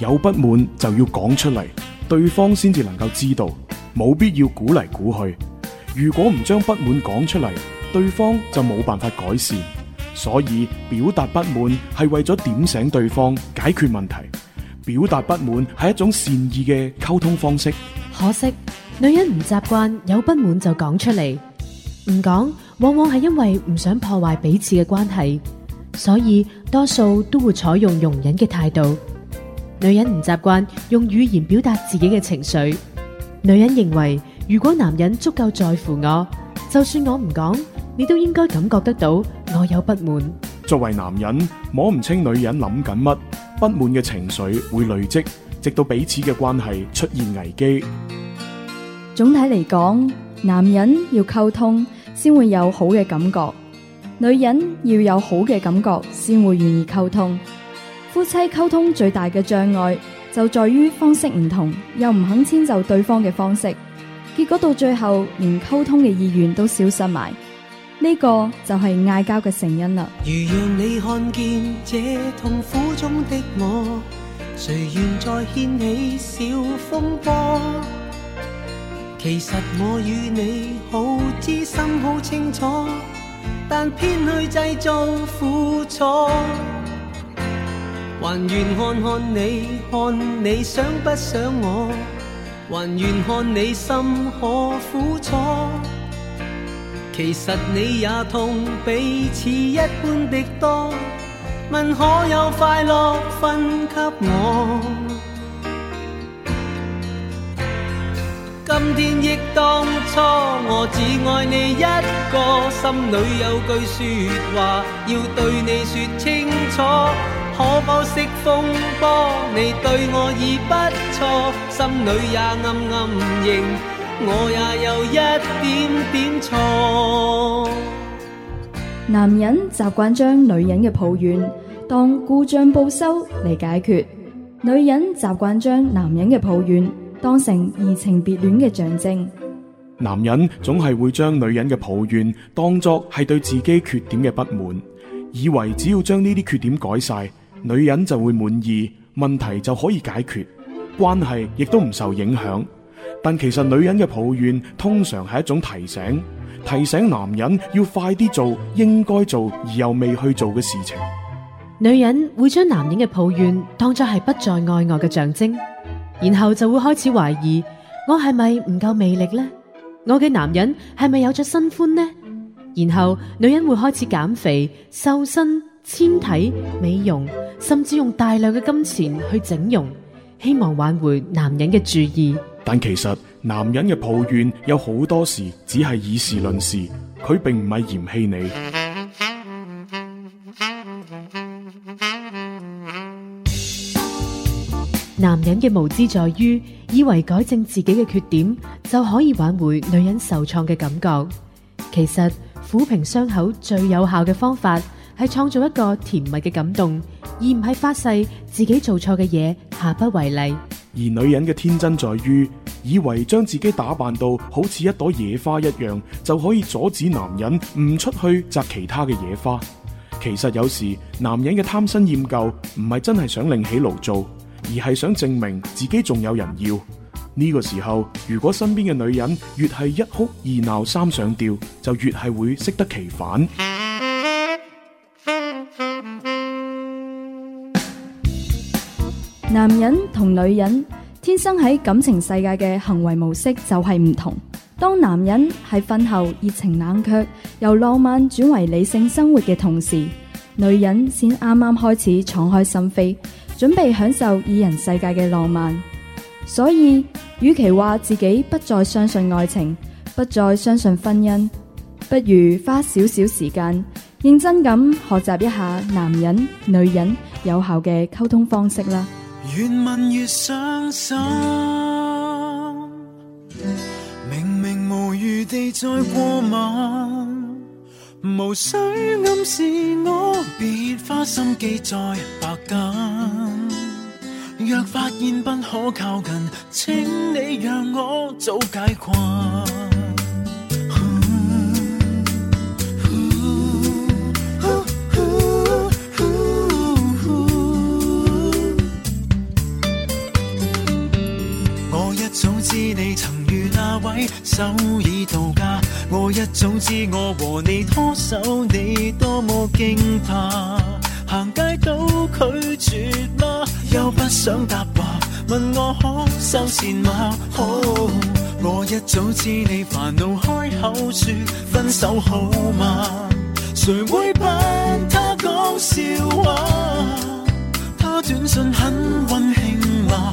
有不滿就要講出嚟，對方先至能夠知道，冇必要估嚟估去。如果唔將不滿講出嚟，對方就冇辦法改善。所以表達不滿係為咗點醒對方，解決問題。表達不滿係一種善意嘅溝通方式。可惜女人唔習慣有不滿就講出嚟，唔講往往係因為唔想破壞彼此嘅關係，所以多數都會採用容忍嘅態度。女人唔習慣用語言表達自己嘅情緒，女人認為如果男人足夠在乎我，就算我唔講，你都應該感覺得到我有不滿。作為男人，摸唔清女人諗緊乜，不滿嘅情緒會累積，直到彼此嘅關係出現危機。總體嚟講，男人要溝通先會有好嘅感覺，女人要有好嘅感覺先會願意溝通。夫妻溝通最大嘅障礙，就在於方式唔同，又唔肯遷就對方嘅方式，結果到最後連溝通嘅意願都消失埋，呢個就係嗌交嘅成因啦。如讓你看見這痛苦中的我，誰願再掀起小風波？其實我與你好知心好清楚，但偏去製造苦楚。還願看看你，看你想不想我？還願看你心可苦楚。其實你也痛彼此一般的多。問可有快樂分給我？今天憶當初，我只愛你一個，心裏有句說話要對你說清楚。可可風波？你對我已不錯，心裏也暗暗認我也有一點點錯。男人習慣將女人嘅抱怨當故障報修嚟解決，女人習慣將男人嘅抱怨當成移情別戀嘅象徵。男人總係會將女人嘅抱怨當作係對自己缺點嘅不滿，以為只要將呢啲缺點改晒。女人就會滿意，問題就可以解決，關係亦都唔受影響。但其實女人嘅抱怨通常係一種提醒，提醒男人要快啲做應該做而又未去做嘅事情。女人會將男人嘅抱怨當作係不再愛我嘅象徵，然後就會開始懷疑：「我係咪唔夠魅力呢？我嘅男人係咪有咗新歡呢？」然後女人會開始減肥、瘦身。纖體美容，甚至用大量嘅金錢去整容，希望挽回男人嘅注意。但其實男人嘅抱怨，有好多時，只係以事論事，佢並唔係嫌棄你。男人嘅無知在於，以為改正自己嘅缺點就可以挽回女人受創嘅感覺。其實撫平傷口最有效嘅方法，係創造一個甜蜜嘅感動，而唔係發誓自己做錯嘅嘢下不為例。而女人嘅天真在於以為將自己打扮到好似一朵野花一樣，就可以阻止男人唔出去摘其他嘅野花。其實有時男人嘅貪新厭舊唔係真係想另起爐灶，而係想證明自己仲有人要。呢個時候如果身邊嘅女人越係一哭二鬧三上吊，就越係會適得其反。男人同女人天生喺感情世界嘅行為模式就係唔同。當男人喺婚後熱情冷卻，由浪漫轉為理性生活嘅同時，女人先啱啱開始敞開心扉，準備享受二人世界嘅浪漫。所以，與其話自己不再相信愛情，不再相信婚姻，不如花少少時間認真咁學習一下男人、女人有效嘅溝通方式啦。越問越傷心，明明無餘地再過問，無需暗示我，別花心機再白等。若發現不可靠近，請你讓我早解困。早知你曾遇那位，首爾度假。我一早知我和你拖手，你多麼驚怕。行街都拒絕嗎？又不想答話問我可收錢嗎、oh？Oh、我一早知你煩惱，開口說分手好嗎？誰會幫他講笑話？他短訊很溫馨話。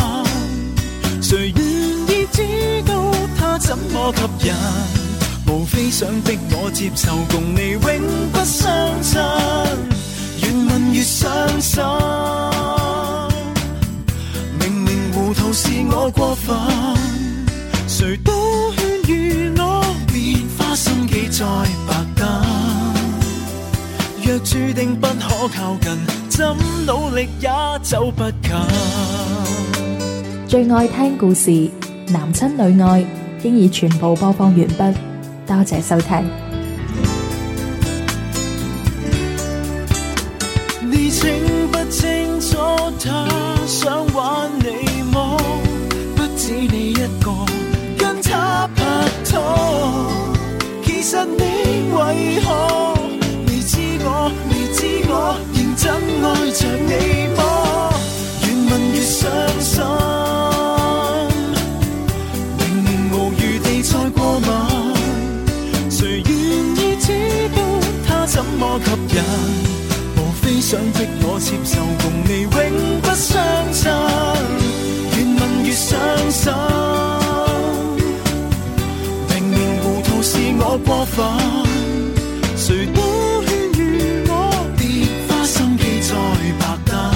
人無非想逼我接受，共你永不相襯，越問越傷心。明明糊塗是我過分，誰都勸喻我，別花心機再白等。若注定不可靠近，怎努力也走不近。最愛聽故事，男親女愛。已經已全部播放完畢，多謝收聽。你清不清楚他想玩你麼？不只你一個跟他拍拖，其實你為何未知我？未知我認真愛着你麼？越問越傷心。人無非想逼我接受，共你永不相襯，越問越傷心。明明糊塗是我過份，誰都勸喻我，別花心機再白等。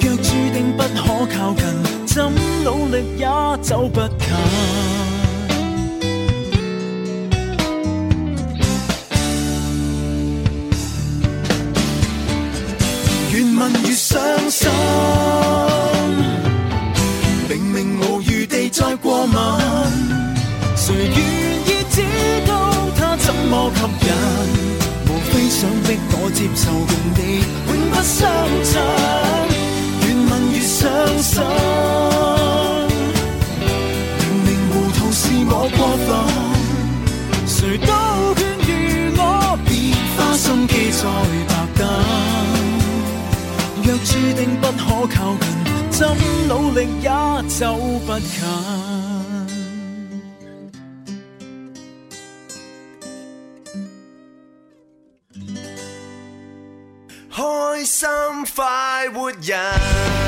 若注定不可靠近，怎努力也走不近。明明無餘地再過問，誰願意知道他怎麼吸引？無非想逼我接受，共地永不相襯，越問越傷心。並不可靠近，怎努力也走不近。開心快活人。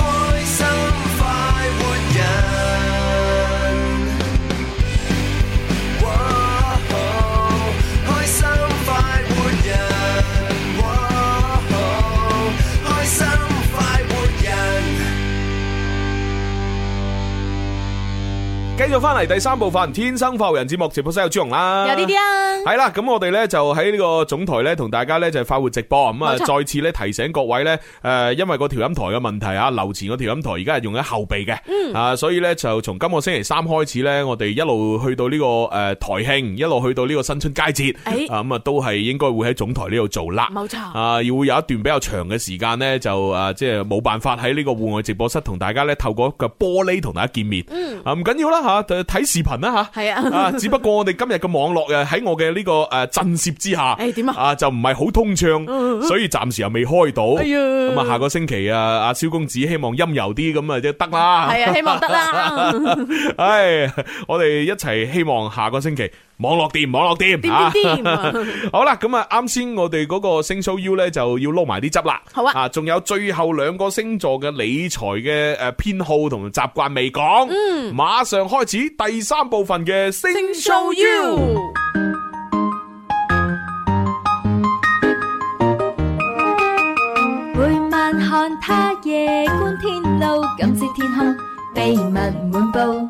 翻嚟第三部分，天生快活人節目直播室有朱紅啦，有啲啲啊，係啦，咁我哋咧就喺呢個總台咧同大家咧就快活直播啊，咁啊錯再次咧提醒各位咧，誒、呃，因為個調音台嘅問題啊，樓前個調音台而家係用喺後備嘅，嗯、啊，所以咧就從今個星期三開始咧，我哋一路去到呢、這個誒、呃、台慶，一路去到呢個新春佳節，哎、啊，咁啊都係應該會喺總台呢度做啦，冇錯錯，啊，要會有一段比較長嘅時間咧就誒、啊、即係冇辦法喺呢個戶外直播室同大家咧透過個玻璃同大家見面，嗯、啊唔緊要啦吓。睇視頻啦吓，係是啊，只不過我哋今日嘅網絡喺我嘅呢個誒震懾之下、 [laughs] 哎，點啊，就唔係好通暢，所以暫時又未開到。咁啊，下個星期啊，阿蕭公子希望陰柔啲，咁啊，即得啦。係啊，希望得啦。唉，我哋一齊希望下個星期。網絡店，網絡店，好啦，咁啊，啱先、啊、我哋嗰個星 show U 呢就要撈埋啲汁啦，好啊，啊，仲有最後兩個星座嘅理財嘅誒偏好同習慣未講，嗯，馬上開始第三部分嘅星 show U。每晚看他夜觀天路，感謝天空秘密滿布。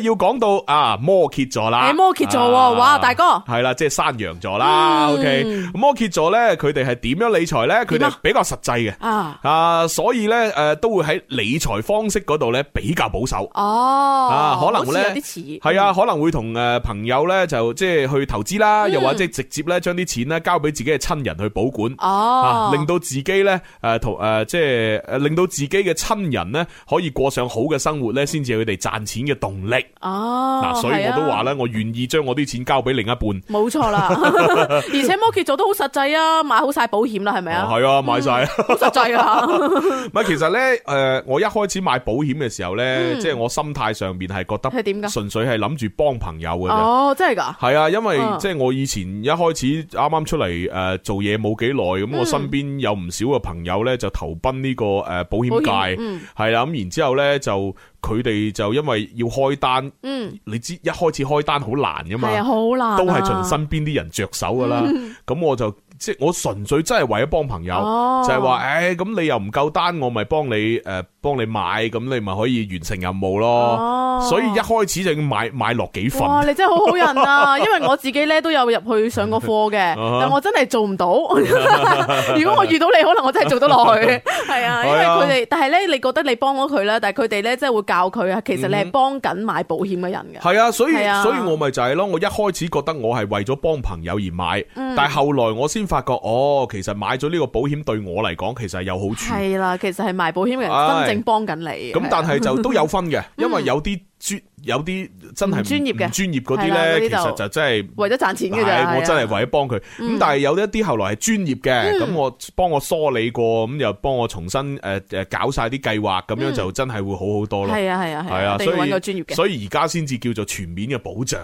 要講到啊摩羯座啦，摩羯座哇大哥係啦，即係山羊座啦。嗯、o、okay、K 摩羯座咧，佢哋係點樣理財咧？佢哋比較實際嘅樣啊，啊，所以咧誒都會喺理財方式嗰度咧比較保守哦。啊，可能咧係啊，可能會同誒、嗯、朋友咧就即係去投資啦，嗯、又或者直接咧將啲錢咧交俾自己嘅親人去保管哦、啊，令到自己咧誒同誒即係誒令到自己嘅親人咧可以過上好嘅生活咧，先至佢哋賺錢嘅動力。哦，嗱，所以我都話咧，我願意將我啲錢交俾另一半，冇錯啦。而且摩羯做得好實際啊，買好晒保險啦，係咪啊？係啊，買晒實際啊！唔係，其實咧，誒，我一開始買保險嘅時候咧，即係我心態上邊係覺得係點噶？純粹係諗住幫朋友嘅。哦，真係噶。係啊，因為即係我以前一開始啱啱出嚟誒做嘢冇幾耐，咁我身邊有唔少嘅朋友咧就投奔呢個誒保險界，係啦，咁然之後咧就。佢哋就因為要開單，嗯、你知一開始開單好難噶嘛，啊、都係從身邊啲人着手噶啦。咁、嗯、我就。即係我純粹真係為咗幫朋友，哦、就係話，誒、欸，咁你又唔夠單，我咪幫你，誒、呃，幫你買，咁你咪可以完成任務咯。哦、所以一開始就要買買落幾份。哇，你真係好好人啊！ [laughs] 因為我自己咧都有入去上過課嘅， [laughs] 但我真係做唔到。 [laughs] [laughs] 如果我遇到你，可能我真係做得落去。係 [laughs] 啊，因為佢哋，但係咧，你覺得你幫咗佢啦，但係佢哋咧，即係會教佢啊。其實你係幫緊買保險嘅人嘅。係啊、嗯，所以所以我咪就係、就、咯、是。我一開始覺得我係為咗幫朋友而買，嗯、但係後來我先。發覺哦，其實買咗呢個保險對我嚟講，其實係有好處。係啦的，其實係賣保險嘅人真正幫緊你。咁但係就都有分嘅， [laughs] 嗯，因為有啲。專有啲真係唔專業嘅，唔專業嗰啲咧，其實就真係為咗賺錢嘅啫。我真係為咗幫佢，咁但係有一啲後來係專業嘅，咁我幫我梳理過，咁又幫我重新誒誒搞曬啲計劃，咁樣就真係會好好多咯。係啊係啊係啊，所以搵個專業嘅，所以而家先至叫做全面嘅保障，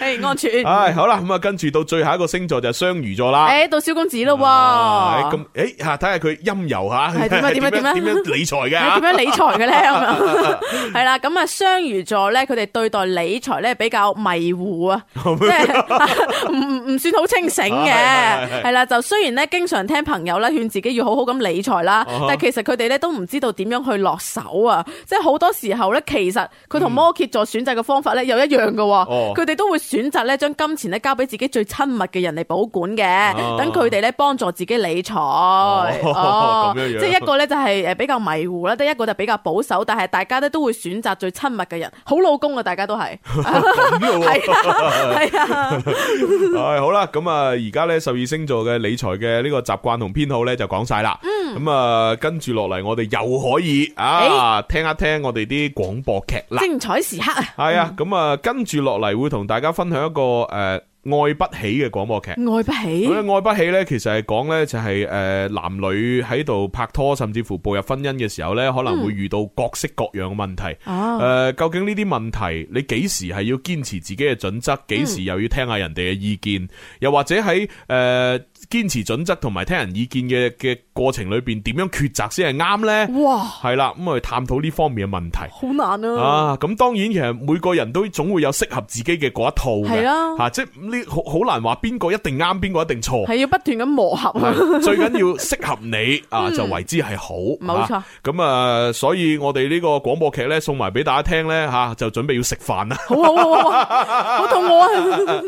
係安全。唉，好啦，咁啊，跟住到最後一個星座就係雙魚座啦。誒，到蕭公子咯。咁誒吓，睇下佢陰柔吓，點樣點樣點樣，點樣理財嘅？點樣理財嘅咧？係啦，咁啊雙魚座咧，佢哋對待理財咧比較迷糊、 [laughs] 就是、啊，即係唔唔算好清醒嘅。係、啊、啦，就雖然咧經常聽朋友咧勸自己要好好咁理財啦，啊、哈但係其實佢哋咧都唔知道點樣去落手啊。即係好多時候咧，其實佢同摩羯座選擇嘅方法咧又一樣噶喔。佢哋，嗯哦，都會選擇咧將金錢咧交俾自己最親密嘅人嚟保管嘅，等佢哋咧幫助自己理財。哦，咁樣樣，即係一個咧就係、是、誒比較迷糊啦，得一個就比較保守，但係大家咧都會。選擇最親密嘅人，好老公啊！大家都係係啊，係好啦，咁啊，而家呢十二星座嘅理財嘅呢個習慣同偏好呢就講晒啦。嗯，咁啊，跟住落嚟我哋又可以啊聽一聽我哋啲廣播劇啦，精彩時刻啊！係啊，咁啊，跟住落嚟會同大家分享一個誒。愛不起嘅廣播劇，愛不起。愛不起呢，其實係講呢，就係誒男女喺度拍拖，甚至乎步入婚姻嘅時候呢，可能會遇到各式各樣嘅問題。誒，啊、究竟呢啲問題，你幾時係要堅持自己嘅準則？幾時又要聽下人哋嘅意見？又或者喺誒堅持準則同埋聽人意見嘅嘅過程裏邊，點樣抉擇先係啱呢？哇，係啦，咁去探討呢方面嘅問題，好難啊，啊。咁當然，其實每個人都總會有適合自己嘅嗰一套嘅。係啊、啊、即好難話邊個一定啱，邊個一定錯，係要不斷咁磨合，啊對。最緊要適合你啊，嗯，就為之係好，冇錯錯。咁啊，所以我哋呢個廣播劇呢，送埋俾大家聽呢，吓就準備要食飯啦。好，好，好餓啊， [laughs] 啊，好肚餓啊！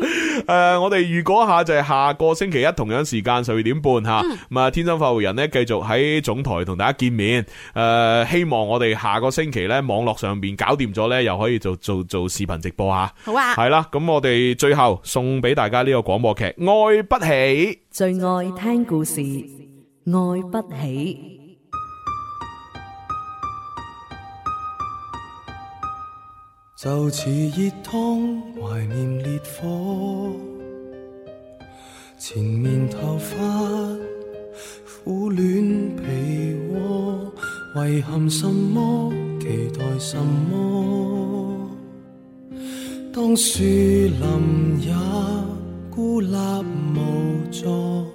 誒，我哋如果下就係下個星期一，同樣時間十二點半吓，咁啊，嗯，天生發號人呢，繼續喺總台同大家見面。誒，啊，希望我哋下個星期呢，網絡上邊搞掂咗呢，又可以做做做視頻直播吓。啊好啊，啊，係啦，咁我哋最後送。送俾大家呢個廣播劇《愛不起》，最愛聽故事《愛不起》就熱湯，就似熱湯懷念烈火，纏綿頭髮苦戀被窩，遺憾什麼，期待什麼。當樹林也孤立無助，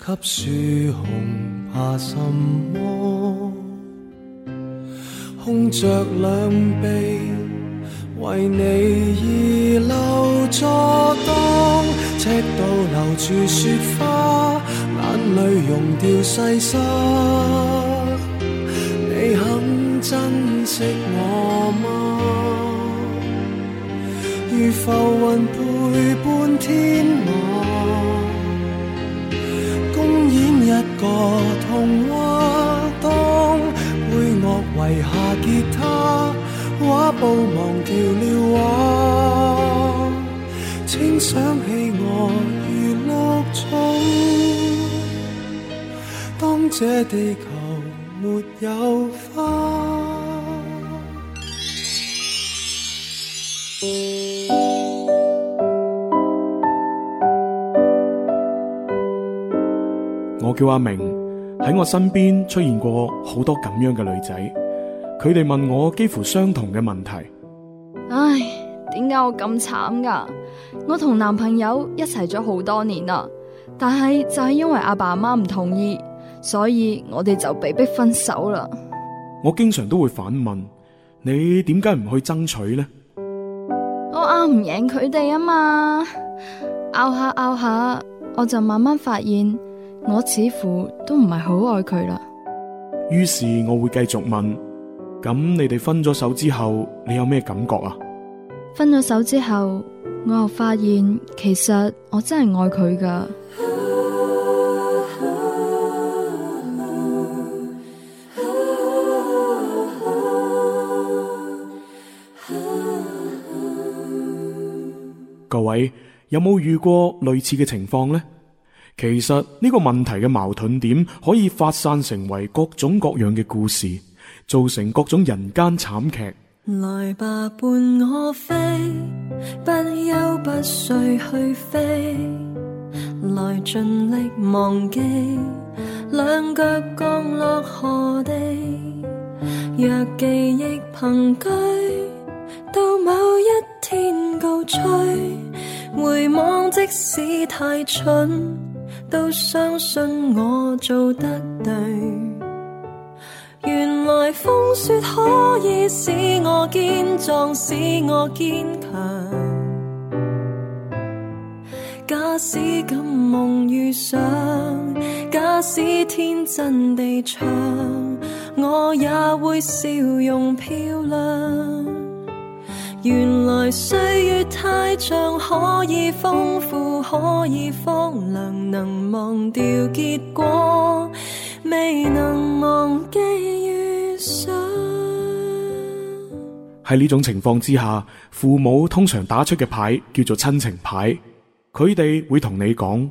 給樹熊怕什麼？空着兩臂，為你而留座檔，赤道留住雪花，眼淚溶掉細沙，你肯珍惜我嗎？如浮雲陪伴天馬，公演一個童話。當配樂遺下吉他，畫布忘掉了畫，請想起我如綠草，當這地球沒有花。我叫阿明，喺我身邊出現過好多咁樣嘅女仔，佢哋問我幾乎相同嘅問題。唉，點解我咁慘㗎？我同男朋友一齊咗好多年啦，但係就係因為阿爸阿媽唔同意，所以我哋就被逼分手啦。我經常都會反問你，點解唔去爭取呢？」拗唔贏佢哋啊嘛，拗下拗下，我就慢慢發現，我似乎都唔係好愛佢啦。於是我會繼續問：咁你哋分咗手之後，你有咩感覺啊？分咗手之後，我又發現其實我真係愛佢噶。有冇遇過類似嘅情況呢？其實呢個問題嘅矛盾點可以發散成為各種各樣嘅故事，造成各種人間慘劇。來吧，伴我飛，不休不睡去飛，來盡力忘記，兩腳降落何地？若記憶憑居，到某一。天高吹，回望即使太蠢，都相信我做得對。原來風雪可以使我堅壯，使我堅強。假使敢夢與想，假使天真地唱，我也會笑容漂亮。原來歲月太長，可以豐富，可以荒涼，能忘掉結果，未能忘記遇上。喺呢種情況之下，父母通常打出嘅牌叫做親情牌。佢哋會同你講，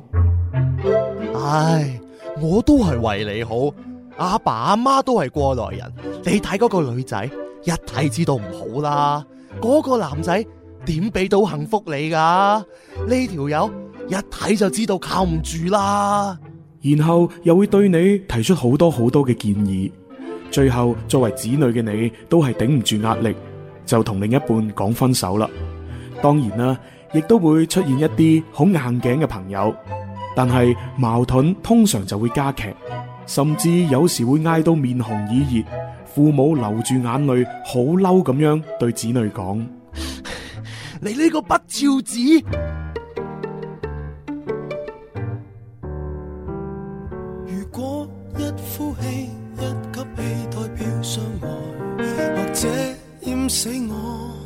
唉，我都係為你好，阿爸阿媽都係過來人。你睇嗰個女仔一睇知道唔好啦嗰個男仔點俾到幸福你噶？呢條友一睇就知道靠唔住啦。然後又會對你提出好多好多嘅建議，最後作為子女嘅你都係頂唔住壓力，就同另一半講分手啦。當然啦，啊，亦都會出現一啲好硬頸嘅朋友，但係矛盾通常就會加劇，甚至有時會嗌到面紅耳熱。父母流住眼淚，好嬲咁樣對子女講：你呢個不孝子！如果一呼氣、一吸氣代表相愛，或者淹死我。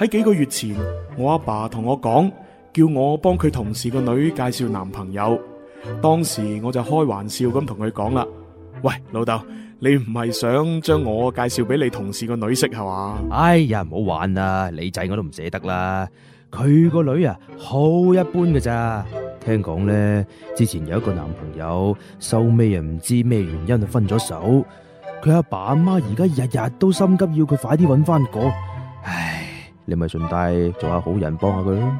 喺幾個月前，我阿爸同我講，叫我幫佢同事個女介紹男朋友。當時我就開玩笑咁同佢講啦：喂，老豆，你唔係想將我介紹俾你同事個女識係嘛？哎呀，唔好玩啦，你仔我都唔捨得啦。佢個女啊，好一般㗎咋。聽講呢，之前有一個男朋友，收尾啊唔知咩原因就分咗手。佢阿爸阿媽而家日日都心急，要佢快啲揾翻個唉。你咪順帶做下好人，幫下佢，幫下佢咯。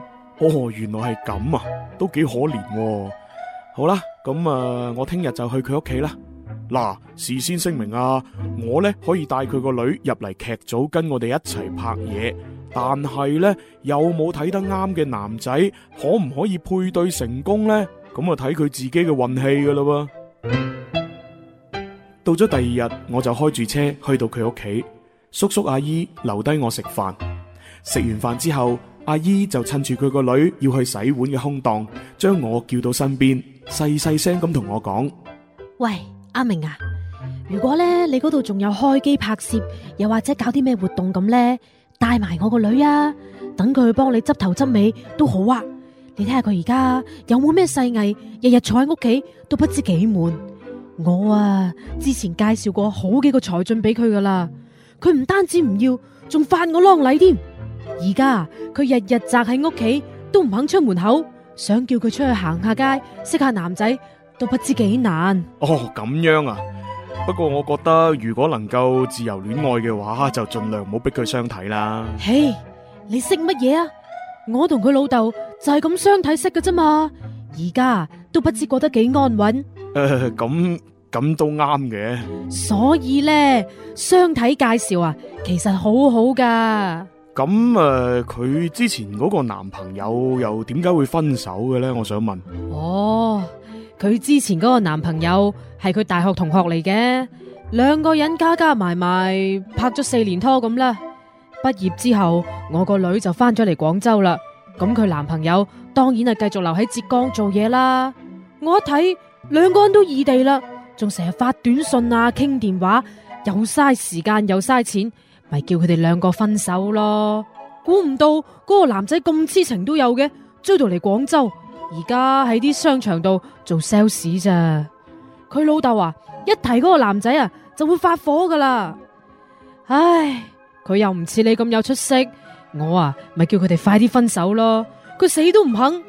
哦，原來係咁啊，都幾可憐啊。好啦，咁啊，呃，我聽日就去佢屋企啦。嗱，事先聲明啊，我呢可以帶佢個女入嚟劇組，跟我哋一齊拍嘢。但係呢，有冇睇得啱嘅男仔，可唔可以配對成功呢？咁啊，睇佢自己嘅運氣噶啦噃。到咗第二日，我就開住車去到佢屋企，叔叔阿姨留低我食飯。食完飯之後，阿姨就趁住佢個女要去洗碗嘅空檔，將我叫到身邊，細細聲咁同我講：喂，阿明啊，如果呢，你嗰度仲有開機拍攝，又或者搞啲咩活動咁呢，帶埋我個女啊，等佢去幫你執頭執尾都好啊。你睇下佢而家有冇咩世藝？日日坐喺屋企都不知幾悶。我啊，之前介紹過好幾個才俊俾佢噶啦，佢唔單止唔要，仲犯我攞禮添。而家佢日日宅喺屋企，都唔肯出門口，想叫佢出去行下街識下男仔，都不知幾難。哦，咁樣啊？不過我覺得如果能夠自由戀愛嘅話，就盡量唔好逼佢相睇啦。嘿，你識乜嘢啊？我同佢老豆就係咁相睇識噶啫嘛。而家都不知過得幾安穩。誒，咁咁都啱嘅。所以咧，相睇介紹啊，其實好好噶。咁誒，佢、呃、之前嗰個男朋友又點解會分手嘅呢？我想問。哦，佢之前嗰個男朋友係佢大學同學嚟嘅，兩個人加加埋埋拍咗四年拖咁啦。畢業之後，我個女就翻咗嚟廣州啦。咁佢男朋友當然係繼續留喺浙江做嘢啦。我一睇，兩個人都異地啦，仲成日發短信啊，傾電話，又嘥時間又嘥錢。咪叫佢哋兩個分手咯！估唔到嗰個男仔咁痴情都有嘅，追到嚟廣州，而家喺啲商場度做 sales 咋。佢老豆話，一提嗰個男仔啊，就會發火噶啦！唉，佢又唔似你咁有出息，我啊咪叫佢哋快啲分手咯！佢死都唔肯。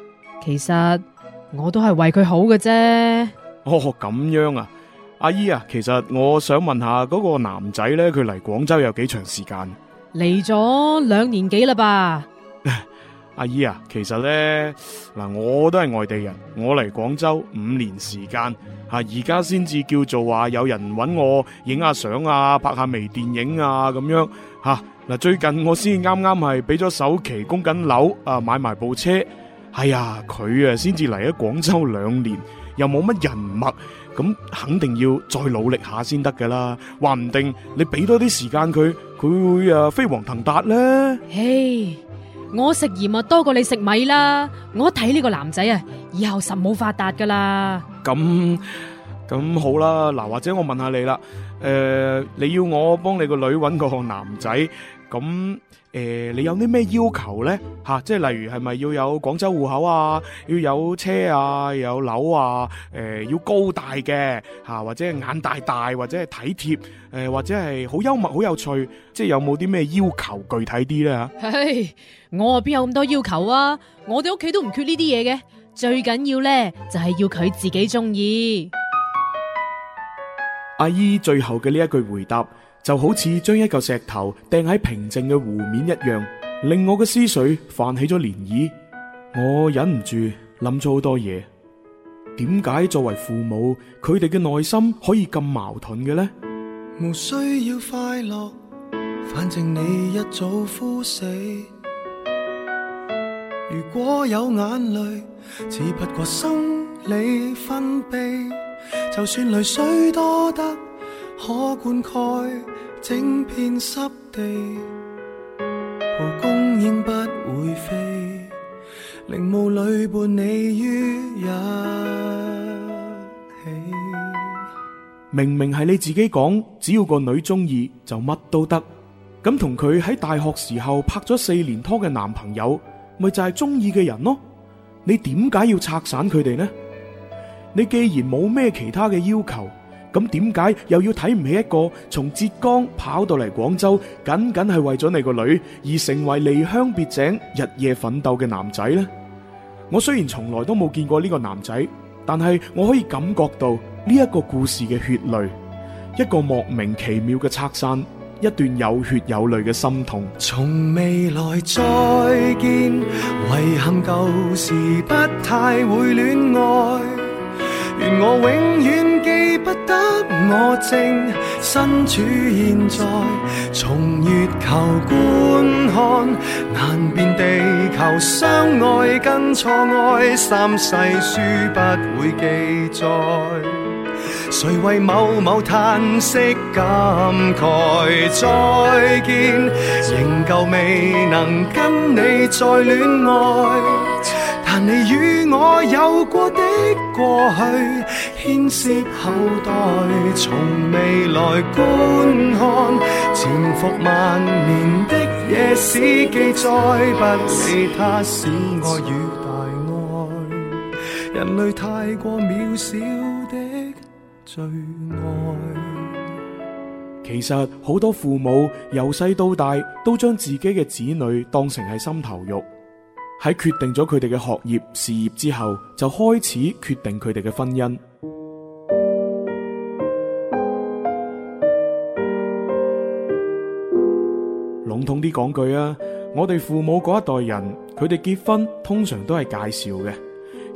其實我都係為佢好嘅啫。哦，咁樣啊！阿姨啊，其實我想問下嗰個男仔呢，佢嚟廣州有幾長時間？嚟咗兩年幾啦吧？阿姨啊，其實呢嗱，我都係外地人，我嚟廣州五年時間吓，而家先至叫做話有人揾我影下相啊，拍下微電影啊咁樣吓嗱。最近我先啱啱係俾咗首期供緊樓啊，買埋部車。哎呀，佢啊先至嚟咗廣州兩年，又冇乜人脈。咁肯定要再努力下先得噶啦，話唔定你俾多啲時間佢，佢會誒飛黃騰達咧。嘿，我食鹽啊多過你食米啦，我睇呢個男仔啊，以後實冇發達噶啦。咁咁好啦，嗱或者我問下你啦，誒，你要我幫你個女揾個男仔咁？誒、呃，你有啲咩要求咧？吓、啊，即係例如係咪要有廣州戶口啊，要有車啊，要有樓啊，誒、呃，要高大嘅吓、啊，或者眼大大，或者係體貼，誒、呃，或者係好幽默、好有趣，即係有冇啲咩要求具體啲咧？Hey, 我啊邊有咁多要求啊？我哋屋企都唔缺呢啲嘢嘅，最緊要咧就係、是、要佢自己中意。阿姨最後嘅呢一句回答。就好似將一嚿石頭掟喺平靜嘅湖面一樣，令我嘅思緒泛起咗漣漪。我忍唔住諗咗好多嘢。點解作為父母，佢哋嘅內心可以咁矛盾嘅呢？無需要快樂，反正你一早枯死。如果有眼淚，只不過心理分泌。就算淚水多得。可灌溉整片濕地，蒲公英不會飛，凌霧裡伴你於一起。明明係你自己講，只要個女中意就乜都得，咁同佢喺大學時候拍咗四年拖嘅男朋友，咪就係中意嘅人咯？你點解要拆散佢哋呢？你既然冇咩其他嘅要求。咁點解又要睇唔起一個從浙江跑到嚟廣州，僅僅係為咗你個女而成為離鄉別井、日夜奮鬥嘅男仔呢？我雖然從來都冇見過呢個男仔，但係我可以感覺到呢一個故事嘅血淚，一個莫名其妙嘅拆散，一段有血有淚嘅心痛。從未來再見，遺憾舊時不太會戀愛。願我永遠記不得，我正身處現在，從月球觀看，難辨地球相愛跟錯愛，三世書不會記載，誰為某某嘆息感慨？再見，仍舊未能跟你再戀愛。但你與我有過的過去，牽涉後代，從未來觀看，潛伏萬年的野史記載不是，不理他小愛與大愛，人類太過渺小的最愛。其實好多父母由細到大，都將自己嘅子女當成係心頭肉。喺決定咗佢哋嘅學業事業之後，就開始決定佢哋嘅婚姻。籠統啲講句啊，我哋父母嗰一代人，佢哋結婚通常都係介紹嘅，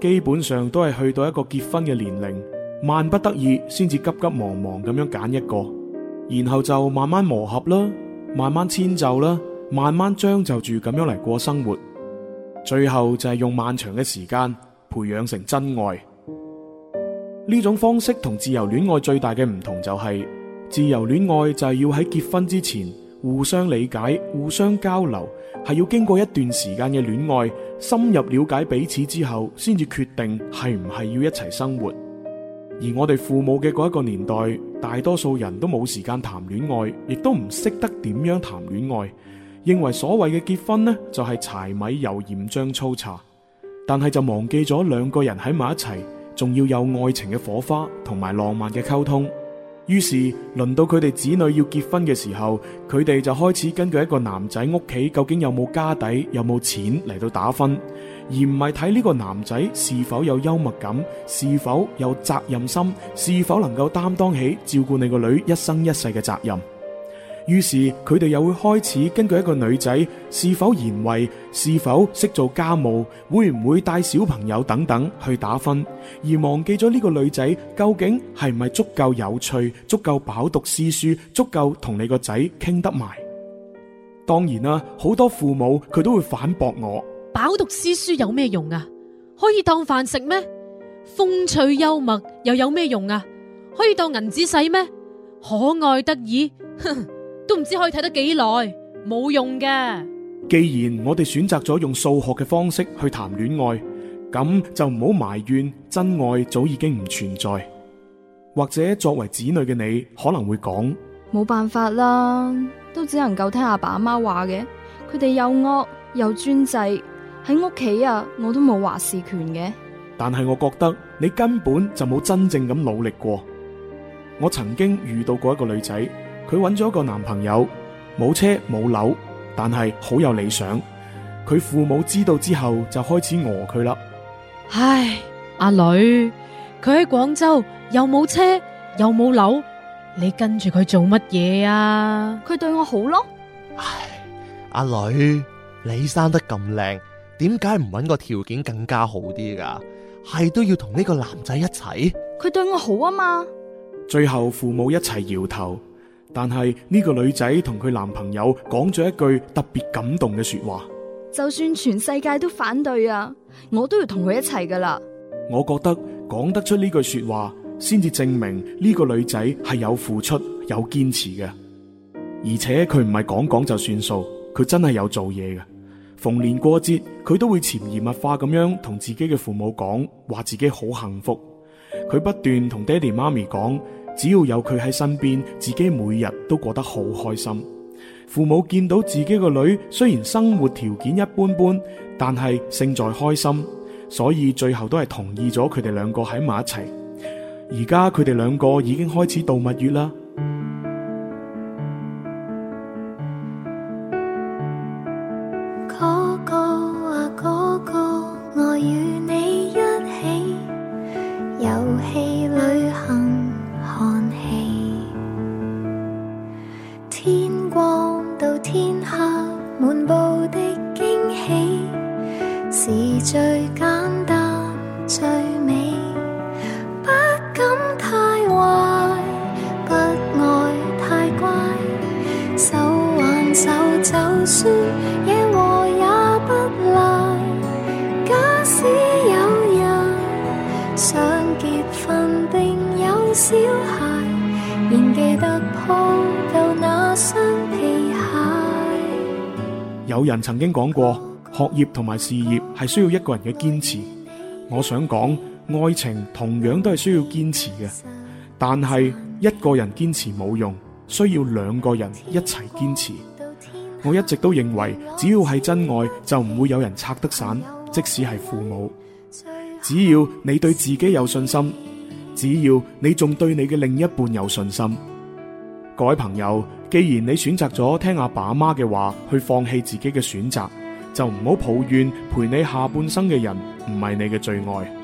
基本上都係去到一個結婚嘅年齡，萬不得已先至急急忙忙咁樣揀一個，然後就慢慢磨合啦，慢慢遷就啦，慢慢將就住咁樣嚟過生活。最後就係用漫長嘅時間培養成真愛。呢種方式同自由戀愛最大嘅唔同就係自由戀愛就係要喺結婚之前互相理解、互相交流，係要經過一段時間嘅戀愛，深入了解彼此之後，先至決定係唔係要一齊生活。而我哋父母嘅嗰一個年代，大多數人都冇時間談戀愛，亦都唔識得點樣談戀愛。認為所謂嘅結婚呢，就係柴米油鹽醬醋茶，但係就忘記咗兩個人喺埋一齊，仲要有愛情嘅火花同埋浪漫嘅溝通。於是輪到佢哋子女要結婚嘅時候，佢哋就開始根據一個男仔屋企究竟有冇家底、有冇錢嚟到打分，而唔係睇呢個男仔是否有幽默感、是否有責任心、是否能夠擔當起照顧你個女一生一世嘅責任。於是佢哋又會開始根據一個女仔是否賢惠、是否識做家務、會唔會帶小朋友等等去打分，而忘記咗呢個女仔究竟係唔係足夠有趣、足夠飽讀詩書、足夠同你個仔傾得埋。當然啦，啊，好多父母佢都會反駁我：飽讀詩書有咩用啊？可以當飯食咩？風趣幽默又有咩用啊？可以當銀紙使咩？可愛得意，哼！ [laughs] 都唔知可以睇得幾耐，冇用嘅。既然我哋選擇咗用數學嘅方式去談戀愛，咁就唔好埋怨真愛早已經唔存在。或者作為子女嘅你，可能會講：冇辦法啦，都只能夠聽阿爸阿媽話嘅。佢哋又惡又專制，喺屋企啊，我都冇話事權嘅。但係我覺得你根本就冇真正咁努力過。我曾經遇到過一個女仔。佢揾咗個男朋友，冇車冇樓，但係好有理想。佢父母知道之後就開始訛佢啦。唉，阿女，佢喺廣州又冇車又冇樓，你跟住佢做乜嘢啊？佢對我好咯。唉，阿女，你生得咁靚，點解唔揾個條件更加好啲㗎？係都要同呢個男仔一齊？佢對我好啊嘛。最後父母一齊搖頭。但係呢個女仔同佢男朋友講咗一句特別感動嘅說話，就算全世界都反對啊，我都要同佢一齊噶啦。我覺得講得出呢句說話，先至證明呢個女仔係有付出、有堅持嘅。而且佢唔係講講就算數，佢真係有做嘢嘅。逢年過節，佢都會潛移默化咁樣同自己嘅父母講話自己好幸福。佢不斷同爹哋媽咪講。只要有佢喺身邊，自己每日都過得好開心。父母見到自己個女，雖然生活條件一般般，但係勝在開心，所以最後都係同意咗佢哋兩個喺埋一齊。而家佢哋兩個已經開始度蜜月啦。有人曾經講過，學業同埋事業係需要一個人嘅堅持。我想講，愛情同樣都係需要堅持嘅。但係一個人堅持冇用，需要兩個人一齊堅持。我一直都認為，只要係真愛，就唔會有人拆得散，即使係父母。只要你對自己有信心，只要你仲對你嘅另一半有信心，各位朋友。既然你選擇咗聽阿爸媽嘅話去放棄自己嘅選擇，就唔好抱怨陪你下半生嘅人唔係你嘅最愛。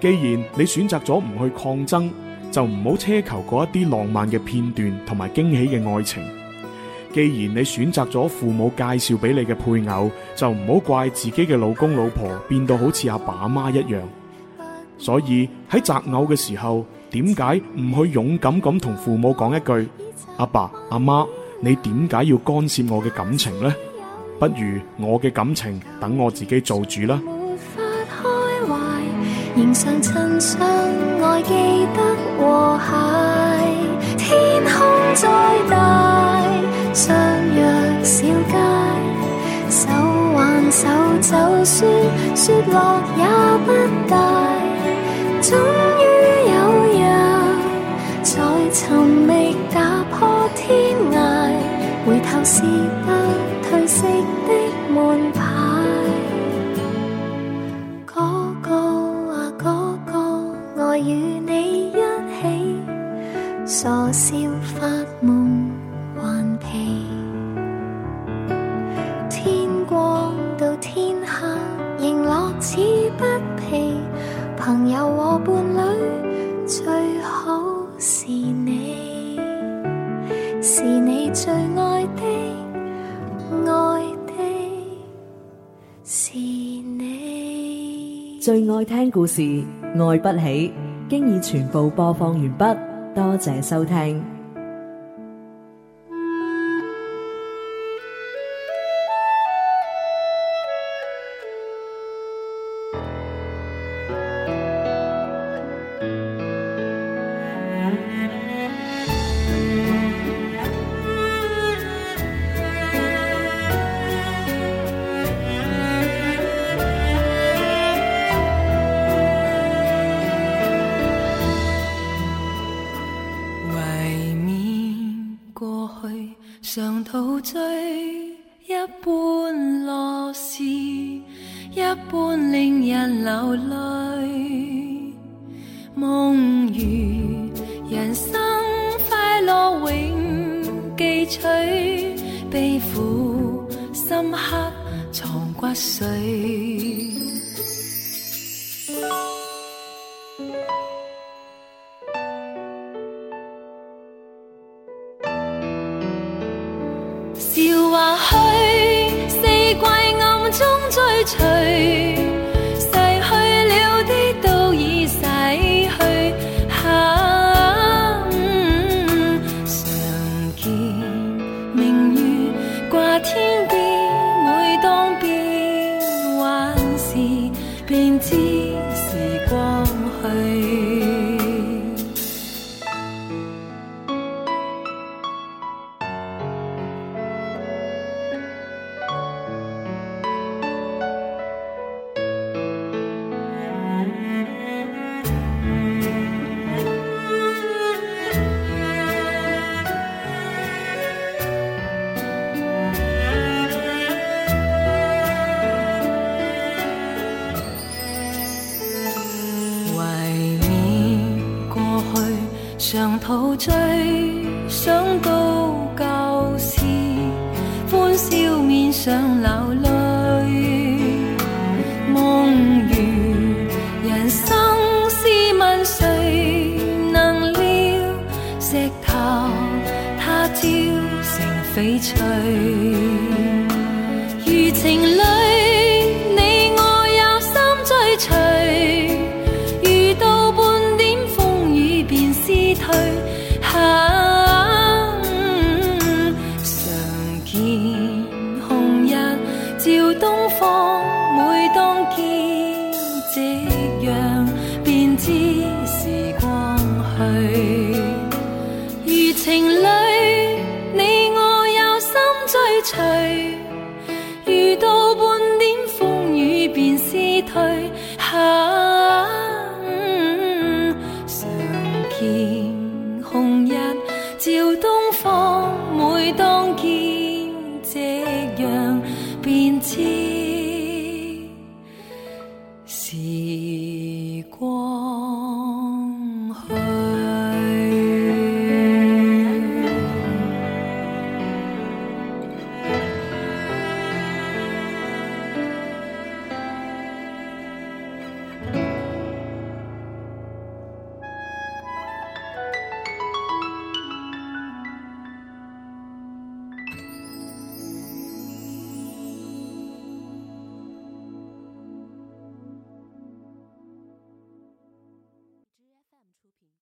既然你選擇咗唔去抗爭，就唔好奢求嗰一啲浪漫嘅片段同埋驚喜嘅愛情。既然你選擇咗父母介紹俾你嘅配偶，就唔好怪自己嘅老公老婆變到好似阿爸媽一樣。所以喺擇偶嘅時候，點解唔去勇敢咁同父母講一句？阿爸阿媽，你點解要干涉我嘅感情呢？不如我嘅感情等我自己做主啦。無法開懷仍常襯相愛記得和諧天空再大，相約小街手挽手就算雪落也不大。尋覓踏破天涯，回頭是不褪色的門牌。哥哥啊哥哥，愛與你一起，傻笑發夢頑皮。天光到天黑，仍樂此不疲。朋友伙伴。最愛聽故事，愛不起，經已全部播放完畢，多謝收聽。